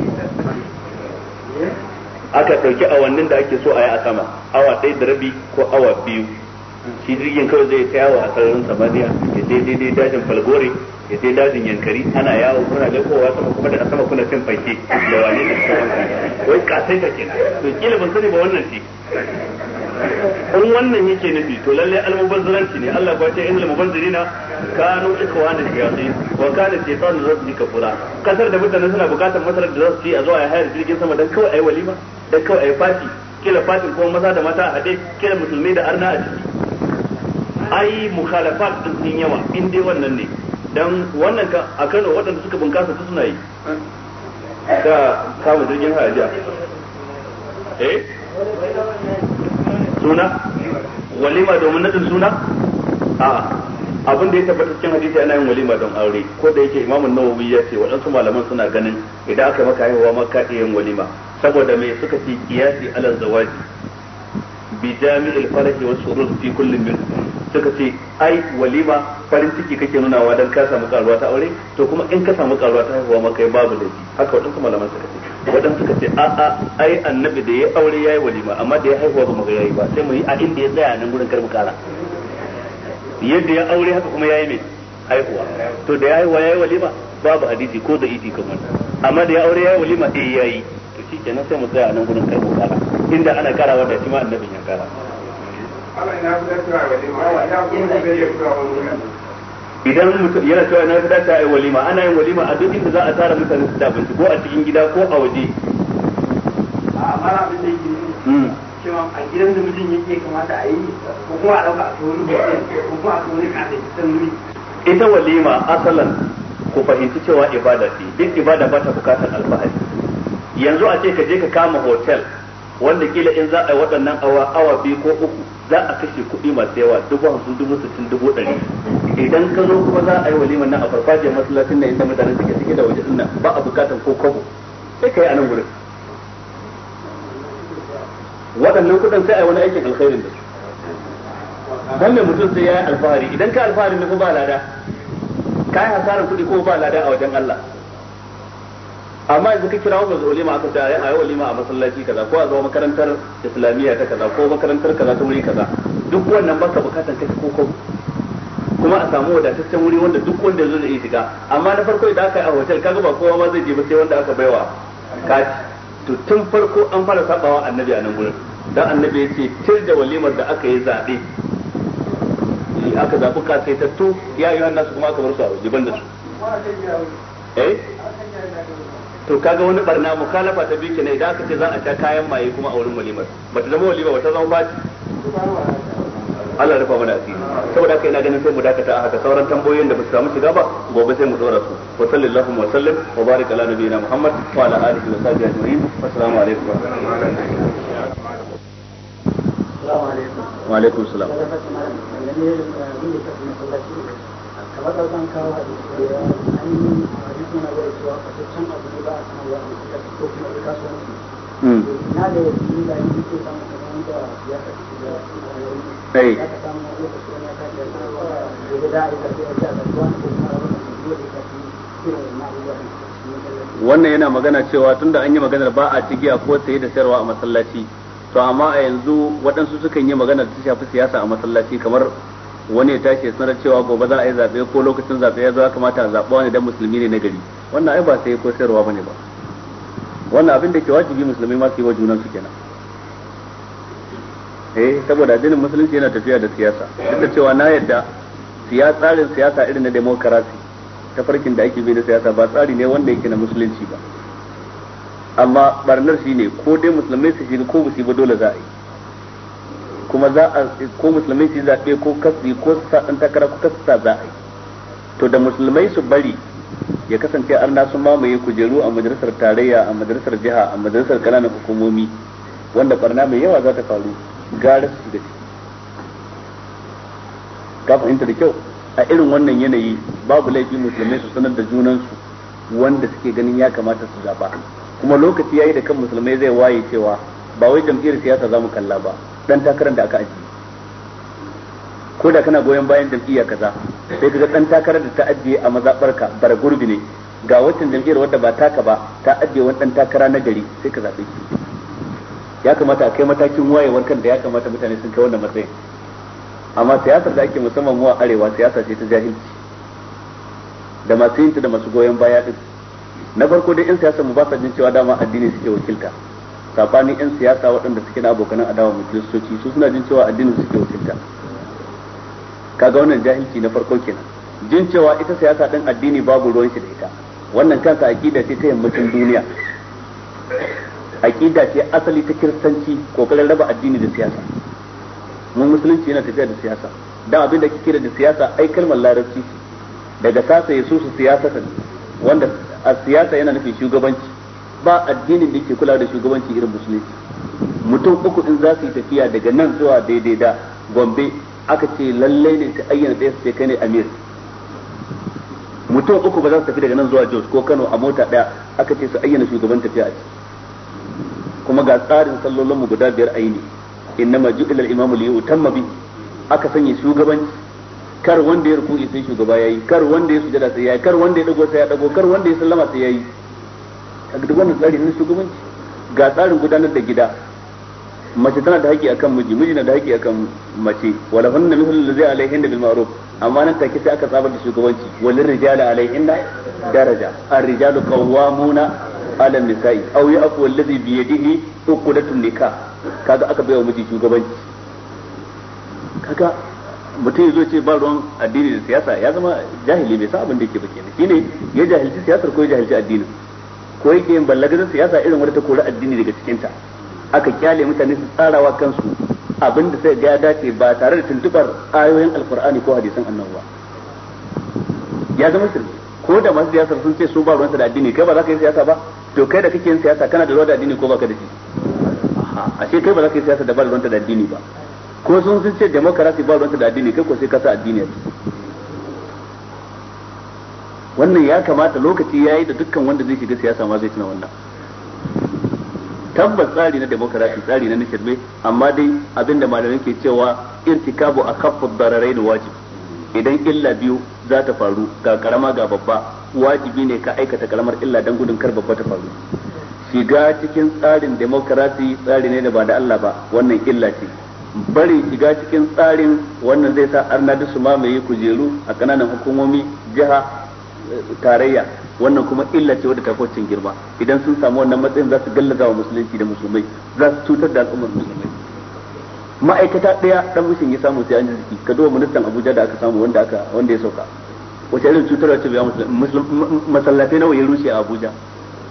aka ɗauki awannin da ake so a yi a sama awa ɗaya da rabi ko awa biyu shi jirgin kawai zai ta yawo a sararin samaniya ya je daidai dajin falgore ya je dajin yankari ana yawo kuna lekowa sama kuma da sama kuna cin fanke da wane da cikin wai kasai da kenan to kila ban sani ba wannan ce in wannan yake nufi to lalle almubazzaranci ne Allah ba ce innal mubazzirina kanu ikwanan shayatin wa kana shaytanu rabbika kafura kasar da mutane suna bukatar masarar da zasu ci a zuwa ya hayar jirgin sama dan kawai ai walima da kawai a yi fati kila fatin kuma maza da mata a haɗe kila musulmi da arna a ciki ai mukhalafat din sun yawa in dai wannan ne dan wannan ka a Kano waɗanda suka bunkasa su suna yi da kama jirgin hajiya eh suna walima domin nadin suna a abin da ya tabbata cikin hadisi ana yin walima don aure ko da yake imamu nawawi ya ce waɗansu malaman suna ganin idan aka maka haihuwa ma ka iya yin walima saboda me suka ci kiyasi alal zawaji bi jami'il farahi wa surur fi kullin min suka ce ai walima farin ciki kake nunawa dan ka samu karuwa ta aure to kuma in ka samu karuwa ta haihuwa ma kai babu shi haka waɗansu malaman suka ce waɗansu suka ce a a ai annabi da ya aure yayi walima amma da ya haihuwa ba mu ga yayi ba sai mu yi a inda ya tsaya nan gurin karbu kara yadda ya aure haka kuma yayi mai haihuwa to da ya haihuwa yi walima babu hadisi ko da iti kamar amma da ya aure yayi walima eh yayi to kenan sai mu tsaya a nan gurin kai kokara inda ana karawa da shi ma annabin ya kara idan mutum yana cewa na fita ta yi walima ana yin walima a duk inda za a tara mutane su da ko a cikin gida ko a waje a mara abin da yake cewa a gidan da mutum yake kamata a yi ko kuma a ɗauka a tsohon ko kuma a ita walima asalan ku fahimci cewa ibada ce duk ibada ba ta bukatar alfahari yanzu a ce ka je ka kama hotel wanda kila in za a yi waɗannan awa awa biyu ko uku za a kashe kuɗi masu yawa dubu hamsin dubu sittin dubu ɗari idan ka zo kuma za a yi walima nan a farfajiyar masallacin nan inda mutane suke cike da waje ina nan ba a bukatan ko kobo sai ka yi a nan wurin waɗannan kuɗin sai a yi wani aikin alkhairin da su dan mai mutum sai ya yi alfahari idan ka alfahari na kuma ba lada ka yi hasarar kuɗi ko ba lada a wajen Allah amma yanzu ka kira wani walima aka da a yi walima a masallaci kaza ko a zama makarantar islamiyya ta kaza ko makarantar kaza ta wuri kaza duk wannan baka bukatan kai ko kuma a samu wadataccen wuri wanda duk wanda zo da iya shiga amma na farko idan aka yi a hotel kaga ba kowa ma zai je ba sai wanda aka baiwa kati to tun farko an fara sabawa annabi a nan gurin dan annabi ya ce tir da walimar da aka yi zabe aka zabi to ya yi nasu kuma aka bar su a waje ban da su eh to kaga wani barna mukhalafa ta biki na idan aka ce za a sha kayan maye kuma a wurin walimar ba ta zama walima ta zama fati Allah rufa mana asiri saboda haka ina ganin sai mu dakata a haka sauran tambayoyin da ba su samu shiga ba gobe sai mu dora su wa sallallahu wa sallam wa baraka ala nabiyina Muhammad wa ala alihi wa sahbihi ajma'in assalamu alaikum wa rahmatullahi wa alaikum salam kamar da zan kawo hadisi da an yi hadisi na wani cewa fataccen abu ne ba a sanarwa a cikin ko kuma kasuwanci na da yi da yake samun kamar da ya kasance da da wannan yana magana cewa tunda an yi maganar ba a cigiya ko saye da sayarwa a masallaci to amma a yanzu waɗansu sukan yi maganar da ta shafi siyasa a masallaci kamar wani ya tashi ya sanar cewa gobe za a yi zaɓe ko lokacin zaɓe ya zo kamata a zaɓa wani dan musulmi ne na gari wannan ai ba sai ko sayarwa bane ba wannan abin da ke wajibi musulmi ma su yi wa junan su kenan eh saboda addinin musulunci yana tafiya da siyasa duk da cewa na yadda siyasa tsarin siyasa irin na demokarasi ta farkin da ake bi da siyasa ba tsari ne wanda yake na musulunci ba amma barnar shi ne ko dai musulmai su shiga ko ba dole za a yi kuma za a ko musulmai su zaɓe ko kasu ko su sa ɗan takara ko kasu sa za a yi to da musulmai su bari ya kasance arna sun mamaye kujeru a majalisar tarayya a majalisar jiha a majalisar ƙananan hukumomi wanda barna mai yawa za ta faru gara su shiga ciki ka fahimta da kyau a irin wannan yanayi babu laifi musulmai su sanar da junansu wanda suke ganin ya kamata su zaba kuma lokaci yayi da kan musulmai zai waye cewa ba wai jam'iyyar siyasa za mu kalla ba dan takarar da aka ajiye ko da kana goyon bayan jam'iyya kaza sai ka ga dan takarar da ta ajiye a mazabarka bara gurbi ne ga waccan jam'iyyar wadda ba taka ba ta ajiye wani dan takara na gari sai ka zabe shi ya kamata a kai matakin wayewar kan da ya kamata mutane sun kai wannan matsayin amma siyasar da ake musamman mu a arewa siyasa ce ta jahilci da masu yinta da masu goyon baya din na farko dai yan siyasar mu ba sa jin cewa dama addini suke wakilta sabanin yan siyasa waɗanda suke na abokanan adawa mu kiristoci su suna jin cewa addini suke wakilta kaga wannan jahilci na farko kenan jin cewa ita siyasa din addini babu ruwan shi da ita wannan kansa aqida ce ta yammacin duniya aqida ce asali ta kiristanci kokarin raba addini da siyasa mun musulunci yana tafiya da siyasa da abin da kira da siyasa ai kalmar larabci daga sasa ya su siyasatan wanda a siyasa yana nufin shugabanci ba addinin da yake kula da shugabanci irin musulunci mutum uku in za su yi tafiya daga nan zuwa daidai da gombe aka ce lallai ne ka ayyana ɗaya su ce kai ne amir mutum uku ba za su tafi daga nan zuwa jos ko kano a mota ɗaya aka ce su ayyana shugaban tafiya a ciki kuma ga tsarin sallolin mu guda biyar aini innama ju'ila al-imamu li yutamma bi aka sanya shugabanci kar wanda ya ruku'i sai shugaba yayi kar wanda ya sujada sai yayi kar wanda ya dago sai ya dago kar wanda ya sallama sai yayi kaga duk wannan tsari ne shugabanci ga tsarin gudanar da gida mace tana da haƙƙi akan miji miji na da haƙƙi akan mace wala hunna mithlu allazi alaihinna bil ma'ruf amma nan take sai aka tsabar da shugabanci walil rijali alaihinna daraja ar-rijalu qawwamuna ala nisa'i aw ya aqu allazi bi yadihi uqdatun nikah kaga aka bai miji shugabanci kaga mutum ya zo ce ba ruwan addini da siyasa ya zama jahili bai san abin da yake ba kenan shine ya jahilci siyasar ko ya jahilci addinin ko yake yin ballagarin siyasa irin wanda ta kori addini daga cikinta aka kyale mutane su tsarawa kansu abin da sai ga ya dace ba tare da tuntubar ayoyin alkur'ani ko hadisan annabawa ya zama sirri ko da masu siyasar sun ce su ba sa da addini kai ba za ka yi siyasa ba to kai da kake yin siyasa kana da da addini ko baka da shi ashe kai ba za ka yi siyasa da ba ruwanta da addini ba ko sun sun ce demokarasi ba ruwanta da addini kai ko sai kasa sa addini a wannan ya kamata lokaci ya yi da dukkan wanda zai shiga siyasa ma zai tuna wannan tabbas tsari na demokarasi tsari na nishirme amma dai abinda malamai ke cewa irtikabu a kafin bararai da wajib idan illa biyu za ta faru ga karama ga babba wajibi ne ka aikata kalmar illa dan gudun kar babba ta faru shiga cikin tsarin demokarasi tsari ne da ba da Allah ba wannan illa ce bari shiga cikin tsarin wannan zai sa arna su mamaye kujeru a kananan hukumomi jiha eh, tarayya wannan kuma illa ce wadda tafocin girma idan sun samu wannan matsayin za su gallaza wa musulunci da musulmai za su cutar da al'ummar musulmai ma'aikata ɗaya dan mushin ya samu sai an jiki ka duba ministan Abuja da aka samu wanda aka wanda ya sauka wace irin cutarwa ce biya masallatai nawa ya rushe a Abuja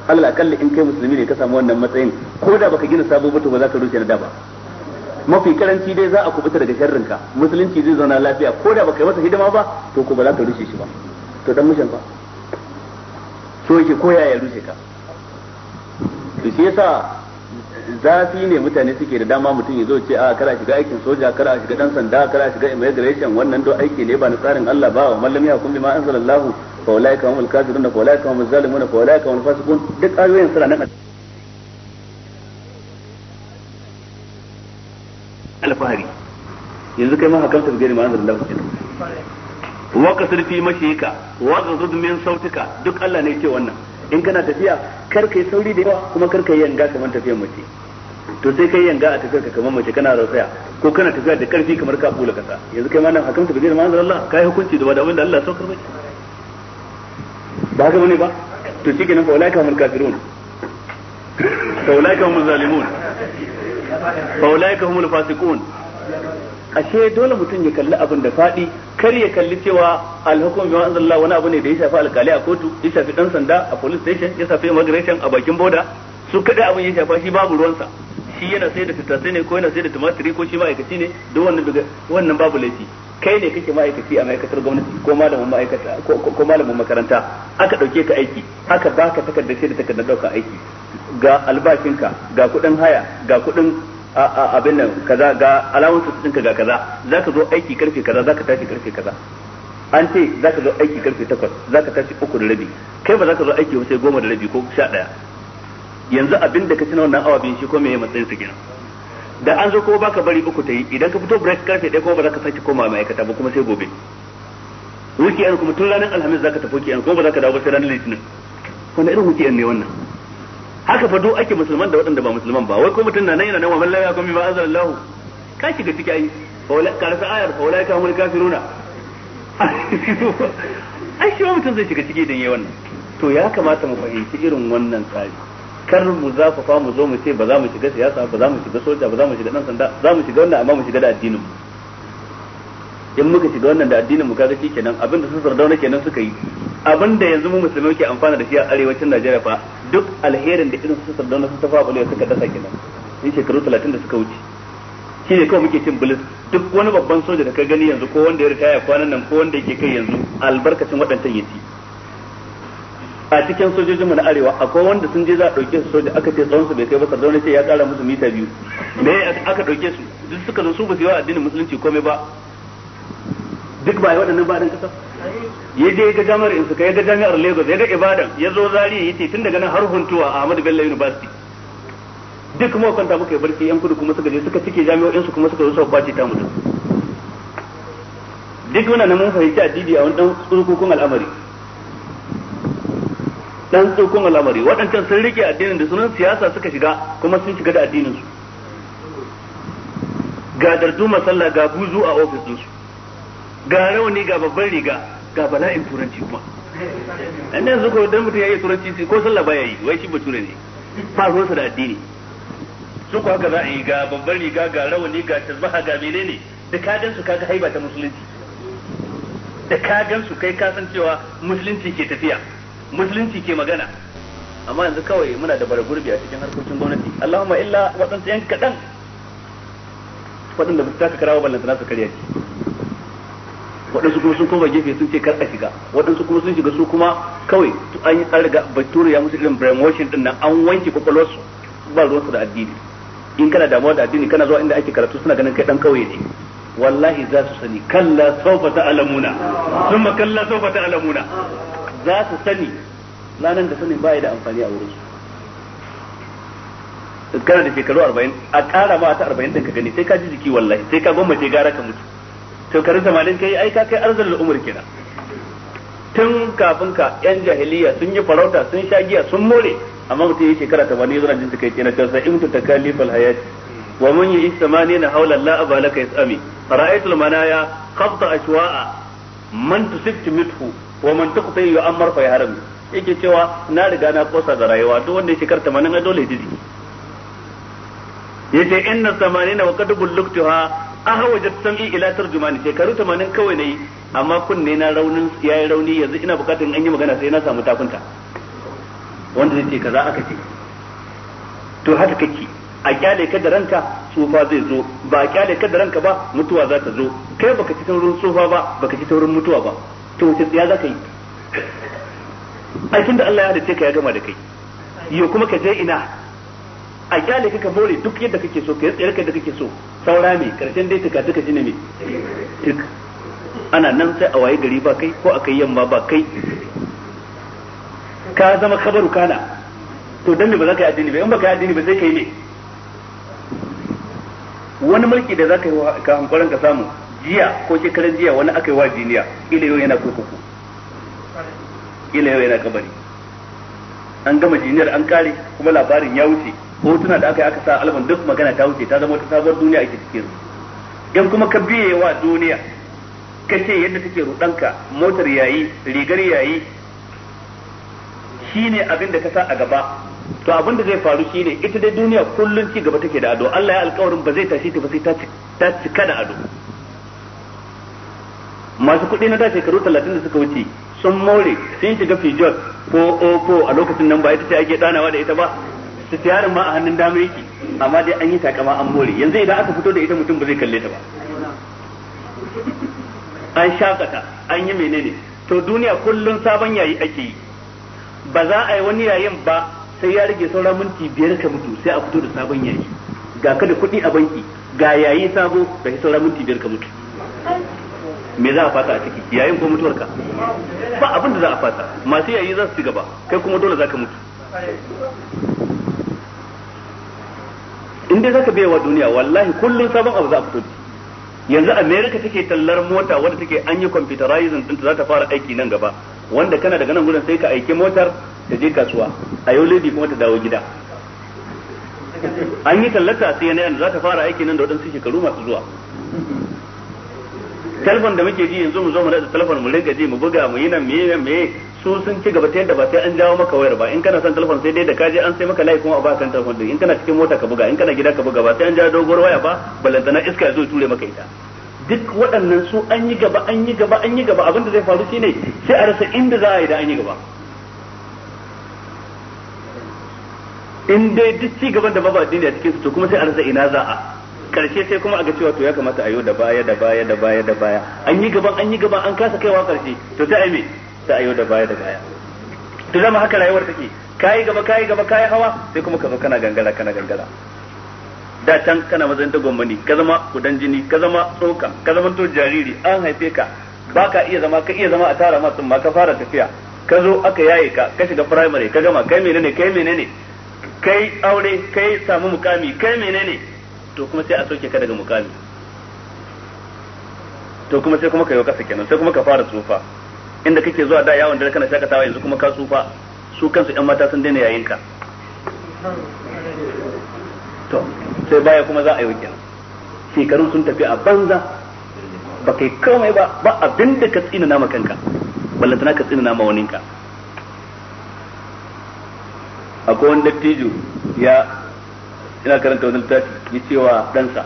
alal akalli in kai musulmi ne ka samu wannan matsayin ko da baka gina sabo ba to ba za ka rushe na da ba mafi karanci dai za a kubuta daga sharrinka musulunci zai zauna lafiya ko da baka yi masa hidima ba to ko ba za ka rushe shi ba to dan mushin ba so yake ko ya rushe ka to shi yasa zafi ne mutane suke da dama mutum ya zo ce ah, a kara shiga aikin soja kara shiga dan sanda kara shiga immigration wannan do aiki ne ba na tsarin Allah ba wa mallam ya kun bi ma anzalallahu fa ulaika humul kafirun fa ulaika humuz zalimun fa ulaika humul fasiqun duk ayoyin suna nan alfahari yanzu kai ma hakanta gari ma anzalallahu kenan wa kasrifi mashika wa zudmin sautika duk Allah ne ya ce wannan in kana tafiya kar kai sauri da yawa kuma kar kai yanga kamar tafiyar mace to sai kai yanga a tafiyar ka kamar mace kana rausaya ko kana tafiya da karfi kamar ka bula kasa yanzu kai ma nan hakan ka da manzon Allah kai hukunci da wanda Allah ya saukar miki ba ka bane ba to shi kenan fa ka humul kafirun fa ka humul zalimun fa ka humul fasikun ashe dole mutum ya kalli abin da faɗi kar ya kalli cewa alhukum bi ma'azallah wani abu ne da ya shafi alkali a kotu ya shafi dan sanda a police station ya shafi immigration a bakin boda su kada abin ya shafa shi babu ruwansa shi yana sai da tattase ne ko yana sai da tumatiri ko shi ma'aikaci ne duk wannan wannan babu laifi kai ne kake ma'aikaci a ma'aikatar gwamnati ko malamin ma'aikata ko malamin makaranta aka dauke ka aiki aka baka takardar da takardar dauka aiki ga albashinka ga kuɗin haya ga kuɗin. abin nan kaza ga alamun su ka ga kaza zaka zo aiki karfe kaza zaka tashi karfe kaza an ce zaka zo aiki karfe takwas zaka tashi uku da rabi kai ba zaka zo aiki ba sai goma da rabi ko sha yanzu abin da ka tuna na wannan awa biyu shi ko meye matsayin su kenan da an zo ko baka bari uku ta yi idan ka fito break karfe 1 ko ba zaka sake koma ma'aikata ba kuma sai gobe wuki an kuma tun ranar alhamis zaka tafi ki an ko ba zaka dawo ba sai ranar litinin wanda irin wuki ne wannan haka fa duk ake musulman da waɗanda ba musulman ba wai ko mutum na nan yana nan wa ya la ba azza Allah ka shiga ciki ai fa wala ka rasa ayar fa wala ka humul kafiruna ai shi mutum zai shiga ciki dan yayi wannan to ya kamata mu fahimci irin wannan tsari kar mu zafafa mu zo mu ce ba za mu shiga siyasa ba za mu shiga soja ba za mu shiga dan sanda za mu shiga wannan amma mu shiga da addinin mu in muka shiga wannan da addinin mu kaga kenan abinda su sardauna kenan suka yi abinda yanzu mu musulmai ke amfana da shi a arewacin Najeriya fa duk alherin da irin su sardauna su tafa bulu suka dasa kenan in shekaru 30 da suka wuce shi ne kawai muke cin bilis duk wani babban soja da ka gani yanzu ko wanda ya ritaya kwanan nan ko wanda yake kai yanzu albarkacin waɗancan yace a cikin sojojin mu na arewa akwai wanda sun je za a ɗauke su soja aka ce tsawon su bai kai ba sardauna ce ya ƙara musu mita biyu me aka ɗauke su duk suka zo su ba su yi wa addinin musulunci komai ba duk ba waɗannan ba dan kasa ya je ga jami'ar Insuka ya ga jami'ar Lagos ya ga Ibadan ya zo ya ce tun daga nan har Huntuwa a Ahmadu Bello University duk kuma kwanta muka yi barci yan kudu kuma suka je suka cike jami'o'insu su kuma suka zo su bace ta mutum duk muna nan mun fahimci addini a wani dan al'amari dan tsokon al'amari waɗancan sun rike addinin da sunan siyasa suka shiga kuma sun shiga da addinin su ga dardu masalla ga buzu a ofis su ga rauni ga babban riga ga bala'in turanci kuma dan yanzu ko dan mutum yayi turanci ko sallah baya yi wai shi bature ne ba ruwan sa da addini su ko haka za a yi ga babban riga ga rauni ga tasbaha ga menene da ka gan su kaga haiba ta musulunci da ka gan su kai ka san cewa musulunci ke tafiya musulunci ke magana amma yanzu kawai muna da bara gurbi a cikin harkokin gwamnati Allahumma illa waɗansu yan kaɗan waɗanda ba su taka karawa ballantana su karya ce waɗansu kuma sun koma gefe sun ce kar a shiga waɗansu kuma sun shiga su kuma kawai an yi tsari ga bature ya musu irin brainwashing din nan an wanke kwakwalwarsu ba ruwansu da addini in kana damuwa da addini kana zuwa inda ake karatu suna ganin kai dan kawai ne wallahi za su sani kalla sawfa ta'lamuna ma kalla sawfa ta'lamuna za su sani ranan da sanin ba da amfani a wurin su kana da shekaru 40 a ƙara ma ta 40 din ka gani sai ka ji jiki wallahi sai ka gwammace gara ka mutu shekarun tamanin kai ai ka kai arzalin umar kenan tun kafin ka yan jahiliya sun yi farauta sun sha giya sun more amma mutum kara ta bani zuwa jinta kai kenan sai in fal hayati wa mun yi na haula la abalaka yasami ra'aytul manaya qabta ashwa'a man tusiftu mithu wa man tuqta yu'ammar fa yaharam yake cewa na riga na kosa da rayuwa duk wanda yake karta manin a dole didi yace inna samanina wa qad bulluktuha ahawajat sami ila tarjumani shekaru 80 kawai yi. amma kunne na raunin yayi rauni yanzu ina bukatar an yi magana sai na samu takunta wanda zai ce kaza aka ce to haka kake a kyale ka da ranka tsufa zai zo ba a kyale ka da ranka ba mutuwa za ta zo kai baka ci taurin tsufa ba baka ci taurin mutuwa ba to wace tsiya za ka yi aikin da Allah ya halitta ka ya gama da kai yau kuma ka je ina a kyale ka ka more duk yadda kake so ka yi tsayar ka da kake so saura ne karshen dai tuka tuka shine me tuk ana nan sai a waye gari ba kai ko a kai yamma ba kai ka zama kabaru kana to dan me ba za ka yi addini ba in ba ka yi addini ba sai kai ne wani mulki da za ka yi ka hankalin ka samu jiya ko shekaran jiya wani aka yi wa jiniya ila yau yana kurkuku ila yau yana kabari an gama jiniyar an kare kuma labarin ya wuce hotuna da aka yi aka sa alban duk magana ta wuce ta zama wata sabuwar duniya ake cikin dan kuma ka biye wa duniya ka ce yadda take rudanka motar yayi rigar yayi shine abin da ka sa a gaba to abin da zai faru shine ita dai duniya kullun ci gaba take da ado Allah ya alƙawarin ba zai tashi ta ba sai ta cika da ado masu kuɗi na da shekaru talatin da suka wuce sun more sun shiga fijot ko ofo a lokacin nan ba ita ce ake danawa da ita ba sitiyarin ma a hannun dama yake amma dai an yi takama an more yanzu idan aka fito da ita mutum ba zai kalle ta ba an shakata an yi menene to duniya kullun sabon yayi ake yi ba za a yi wani yayin ba sai ya rage sauran minti biyar ka mutu sai a fito da sabon yayi ga kada kuɗi a banki ga yayi sabo da sauran minti biyar ka mutu me za a fata a ciki yayin ko mutuwarka ba abin da za a fata masu yayi za su ci gaba kai kuma dole za ka mutu in dai zaka baiwa duniya wallahi kullun sabon abu za a fito yanzu america take tallar mota wanda take an yi computerizing din za ta fara aiki nan gaba wanda kana daga nan gudan sai ka aiki motar ta je kasuwa a yau lady kuma ta dawo gida an yi tallata a CNN za ta fara aiki nan da waɗansu shekaru masu zuwa telefon da muke ji yanzu mu zo mu da telefon mu rinka ji mu buga mu yi nan me me su sun ci gaba ta yadda ba sai an jawo maka wayar ba in kana son telefon sai dai da kaje an sai maka layi kuma a ba telefon din in kana cikin mota ka buga in kana gida ka buga ba sai an jawo dogon waya ba balantana iska ya zo ture maka ita duk waɗannan su an yi gaba an yi gaba an yi gaba abin da zai faru shine sai a rasa inda za a yi da an yi gaba in dai duk ci gaban da babu addini a cikin su to kuma sai a rasa ina za a karshe sai kuma a ga cewa to ya kamata a yi da baya da baya da baya da baya an yi gaban an yi gaban an kasa kaiwa karshe to sai a yi ta ayo da baya da baya to zama haka rayuwar take kai gaba kai gaba kai hawa sai kuma ka zo kana gangara kana gangara da can kana mazan gwamnati ka zama kudan jini ka zama tsoka ka zama to jariri an haife ka ba ka iya zama ka iya zama a tara matsin ma ka fara tafiya ka zo aka yaye ka ka shiga primary ka gama kai menene kai menene kai aure kai samu mukami kai menene to kuma sai a soke ka daga mukami to kuma sai kuma ka yi kasa kenan sai kuma ka fara tsufa inda kake zuwa da yawon dare kana shakatawa yanzu kuma ka tsufa su kansu yan mata sun daina yayin ka to sai baya kuma za a yi wajen shekarun sun tafi a banza ba kai komai ba ba abin da ka tsina nama kanka tana ka tsina nama waninka akwai wani dattijo ya ina karanta wani littafi ya cewa ɗansa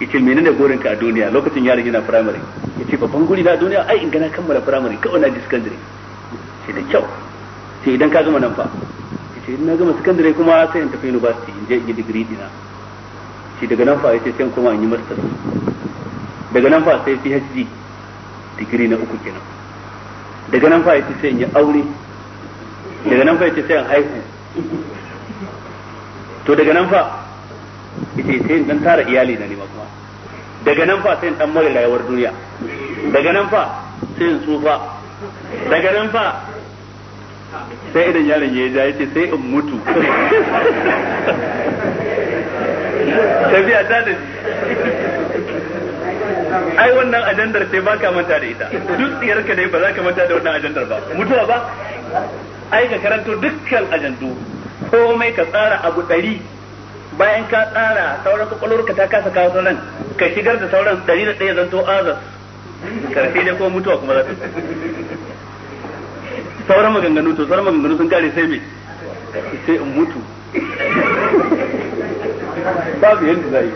yace menene gorin ka a duniya lokacin yaron yana primary yace babban guri na duniya ai in gana kammala primary kawai na ji secondary sai da kyau sai idan ka gama nan fa yace idan na gama secondary kuma sai in tafi university in je in yi degree dina shi daga nan fa yace sai kuma in yi master daga nan fa sai PhD degree na uku kenan daga nan fa yace sai in yi aure daga nan fa yace sai in haihu to daga nan fa yace sai dan tara iyali na nema kuma daga nan fa sai dan more rayuwar duniya daga nan fa sai tsufa daga nan fa sai idan yaron ya ja yace sai in mutu tafiya ta da ai wannan ajandar sai ba ka manta da ita duk ka dai ba za ka manta da wannan ajandar ba mutuwa ba ai ka karanto dukkan ajandu komai ka tsara abu dari. bayan ka tsara sauran kwakwalwarka ta kasa kawo sauran ka shigar da sauran ɗari da ɗaya zanto azas karfe ne ko mutuwa kuma za ta sauran maganganu to sauran maganganu sun kare sai me sai in mutu babu yadda za yi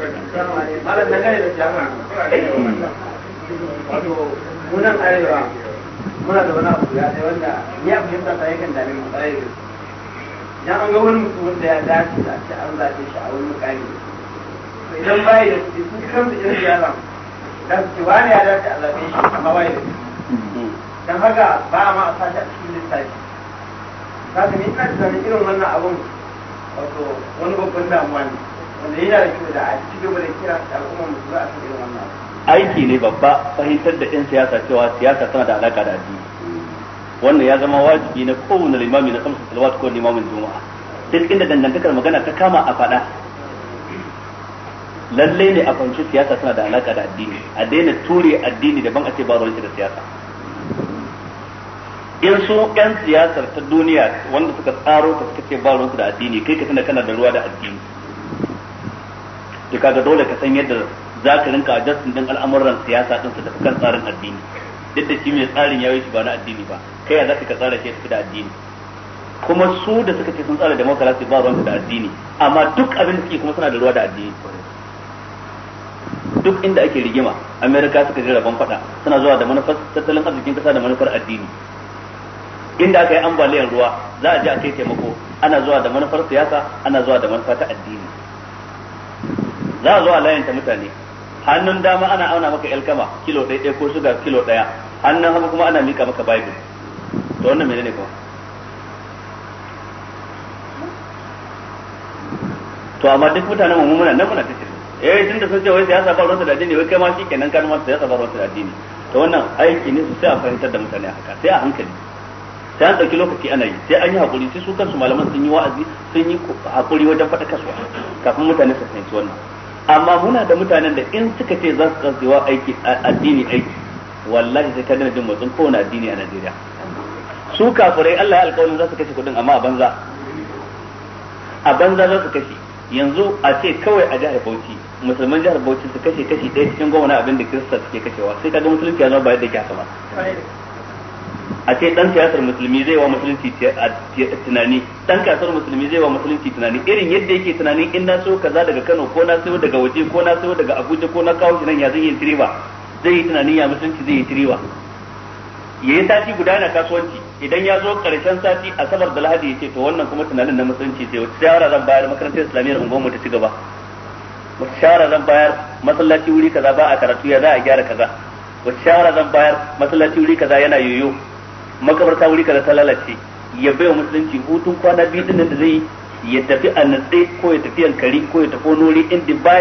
malam dangane da jama'a wato munan arewa muna da wani abu ya wanda ya fahimta ta yakan dame mu idan an ga wani mutum wanda ya dace da ce an zaɓe shi a wani mukami to idan bai da su kansu irin yara da su ce wani ya dace a zaɓe shi amma bai da su don haka ba a ma a sashi a cikin lissafi za ka ina tunanin irin wannan abun wato wani babban damuwa ne wanda yana da kyau da a ci gaba da kira da al'umma musulmi a cikin irin wannan aiki ne babba fahimtar da 'yan siyasa cewa siyasa tana da alaka da addini wannan ya zama wajibi na kowane limami na kamsa salawat ko limamin juma'a duk inda dangantakar magana ta kama a faɗa lallai ne a fahimci siyasa suna da alaka da addini a daina ture addini daban a ce ba ruwan da siyasa in su yan siyasar ta duniya wanda suka tsaro ka suka ce ba ruwan da addini kai ka tana kana da ruwa da addini to kaga dole ka san yadda za ka rinka adjustin din al'amuran siyasa din su kan tsarin addini duk da shi mai tsarin ya yi shi ba na addini ba kai ya zaka ka tsara shi tafi da addini kuma su da suka ce sun tsara demokarasi ba ruwan da addini amma duk abin da suke kuma suna da ruwa da addini duk inda ake rigima amerika suka ji rabon fada suna zuwa da manufar tattalin arzikin kasa da manufar addini inda aka yi ambaliyar ruwa za a ji a kai taimako ana zuwa da manufar siyasa ana zuwa da manufa ta addini za a zuwa layin layanta mutane hannun dama ana auna maka alkama kilo ɗaya ko suga kilo ɗaya hannun haka kuma ana mika maka bible to wannan menene kuma to amma duk mutanen mu muna nan muna tace eh tun da sun ce wai siyasa ba ruwansa da addini wai kai ma shi kenan kan ma siyasa ba ruwansa da addini to wannan aiki ne sai a fahimtar da mutane haka sai a hankali sai an dauki lokaci ana yi sai an yi hakuri sai su kansu malaman sun yi wa'azi sun yi hakuri wajen faɗa kasuwa kafin mutane su fahimci wannan amma muna da mutanen da in suka ce za su tsantsewa aiki addini aiki wallahi sai ka dana jin motsin kowane addini a Najeriya su kafirai Allah ya alƙawarin za su kashe kuɗin amma a banza a banza za su kashe yanzu a ce kawai a jihar Bauchi musulman jihar Bauchi su kashe kashi ɗaya cikin goma na abin da Kirista suke kashewa sai kaga musulunci ya zama bayan da ke ba a ce dan siyasar musulmi zai wa musulunci tunani dan kasar musulmi zai wa musulunci tunani irin yadda yake tunanin in na so kaza daga Kano ko na so daga waje ko na so daga Abuja ko na kawo shi nan ya zai yi tiriba zai yi tunanin ya musulunci zai yi tiriba ya yi sati guda na kasuwanci idan ya zo karshen sati asabar da lahadi ya ce to wannan kuma tunanin na musulunci sai wata shawara zan bayar makarantar islamiyyar unguwarmu ta ci gaba wata shawara zan bayar masallaci wuri kaza ba a karatu ya za a gyara kaza wata shawara zan bayar masallaci wuri kaza yana yoyo makabarta wuri kaza ta lalace ya bai wa musulunci hutun kwana biyu din da zai ya tafi a natse ko ya tafi yankari ko ya tafi nori inda inda da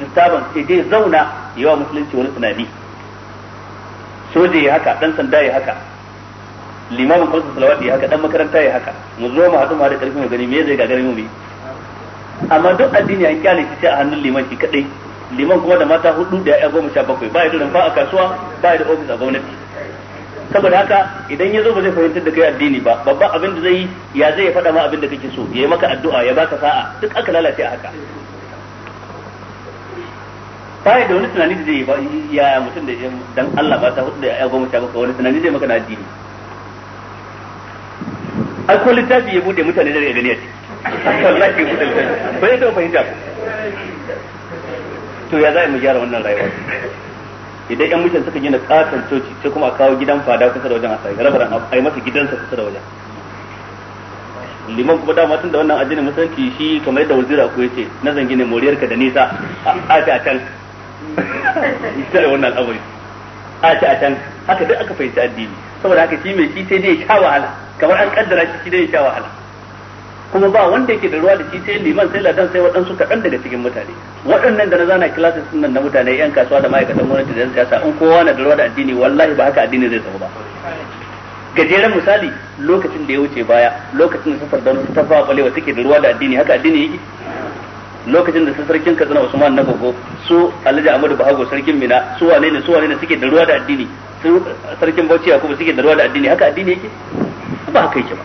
disturbance sai dai zauna yawa musulunci wani tunani soja ya haka dan sanda ya haka limamin kansu salawati ya haka dan makaranta ya haka mu zo mu haɗu mu haɗa ƙarfi mu gani me zai gagare mu bi amma duk addini an kyale shi a hannun liman shi kadai liman kuma da mata hudu da ya goma sha bakwai ba ya da a kasuwa ba da ofis a gwamnati saboda haka idan ya zo ba zai fahimtar da kai addini ba babban abin da zai yi ya zai ya faɗa ma abin da kake so ya yi maka addu'a ya baka sa'a duk aka lalace a haka ba da wani tunani da zai ba ya mutum da dan Allah ba ta hudu da ya goma sha baka wani tunani zai maka na addini ai ko littafi ya bude mutane da gani a ciki wallahi ya bude littafi bai da fahimta to ya za mu gyara wannan rayuwa idan yan mutum suka gina katon coci sai kuma a kawo gidan fada kusa da wajen a rabar an ai masa gidansa kusa da wajen liman kuma dama tun da wannan addinin musulunci shi kamar yadda wazira ko yace na zangi ne moriyar ka da nisa a a can sai wannan al'amari a ta a can haka duk aka fahimci addini saboda haka shi mai shi sai dai ya sha wahala kamar an kaddara shi shi dai ya sha wahala kuma ba wanda yake da ruwa da shi sai liman sai ladan sai waɗansu kaɗan daga cikin mutane waɗannan da na zana kilasin sun nan na mutane yan kasuwa da ma'aikatan gwamnati da siyasa in kowa na da ruwa da addini wallahi ba haka addini zai tafi ba gajeren misali lokacin da ya wuce baya lokacin da safar da ta fa balewa take da ruwa da addini haka addini yake lokacin da su sarkin Katsina Usman na gogo su Alhaji Ahmadu Bahago sarkin Mina su wane ne su wane ne suke da ruwa da addini su sarkin Bauchi Yakubu suke da ruwa da addini haka addini yake ba haka yake ba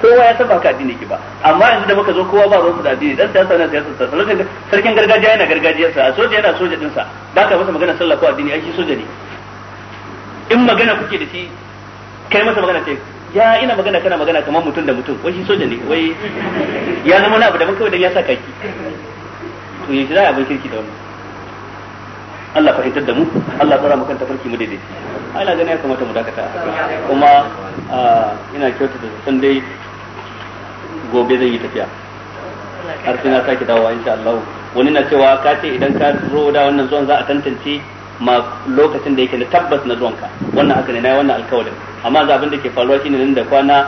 kowa ya saba haka addini yake ba amma yanzu da muka zo kowa ba ruwansa da addini dan siyasa na siyasa sa lokacin sarkin gargajiya yana sa soja yana soja sa ba ka masa magana sallah ko addini ai shi soja ne in magana kuke da shi kai masa magana kai ya ina magana kana magana kamar mutum da mutum wai shi soja ne wai ya zama na abu da kawai da ya sa kaki to yaushe za a abin kirki da wannan Allah fahimtar da mu Allah tsara mu kan tafarki mu daidai ai na gani ya kamata mu dakata kuma ina kyauta da san dai gobe zai yi tafiya har sai na sake dawowa insha Allah wani na cewa ka ce idan ka zo da wannan zuwan za a tantance ma lokacin da yake na tabbas na zuwanka wannan haka ne na yi wannan alkawarin amma za abin da ke faruwa shine nan da kwana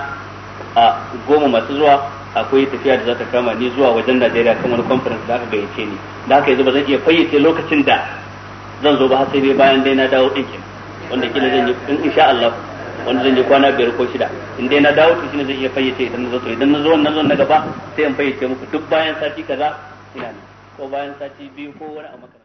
a goma masu zuwa akwai tafiya da za ta kama ni zuwa wajen Najeriya kan wani conference da aka gayyace ni da haka yanzu ba zan iya fayyace lokacin da zan zo ba har sai dai bayan dai na dawo ɗinkin wanda kila zan yi in insha Allah wanda zan yi kwana biyar ko shida in dai na dawo to shine zan iya fayyace idan na zo to idan na zo wannan zan na gaba sai in fayyace muku duk bayan sati kaza ina ko bayan sati biyu ko wani a makaranta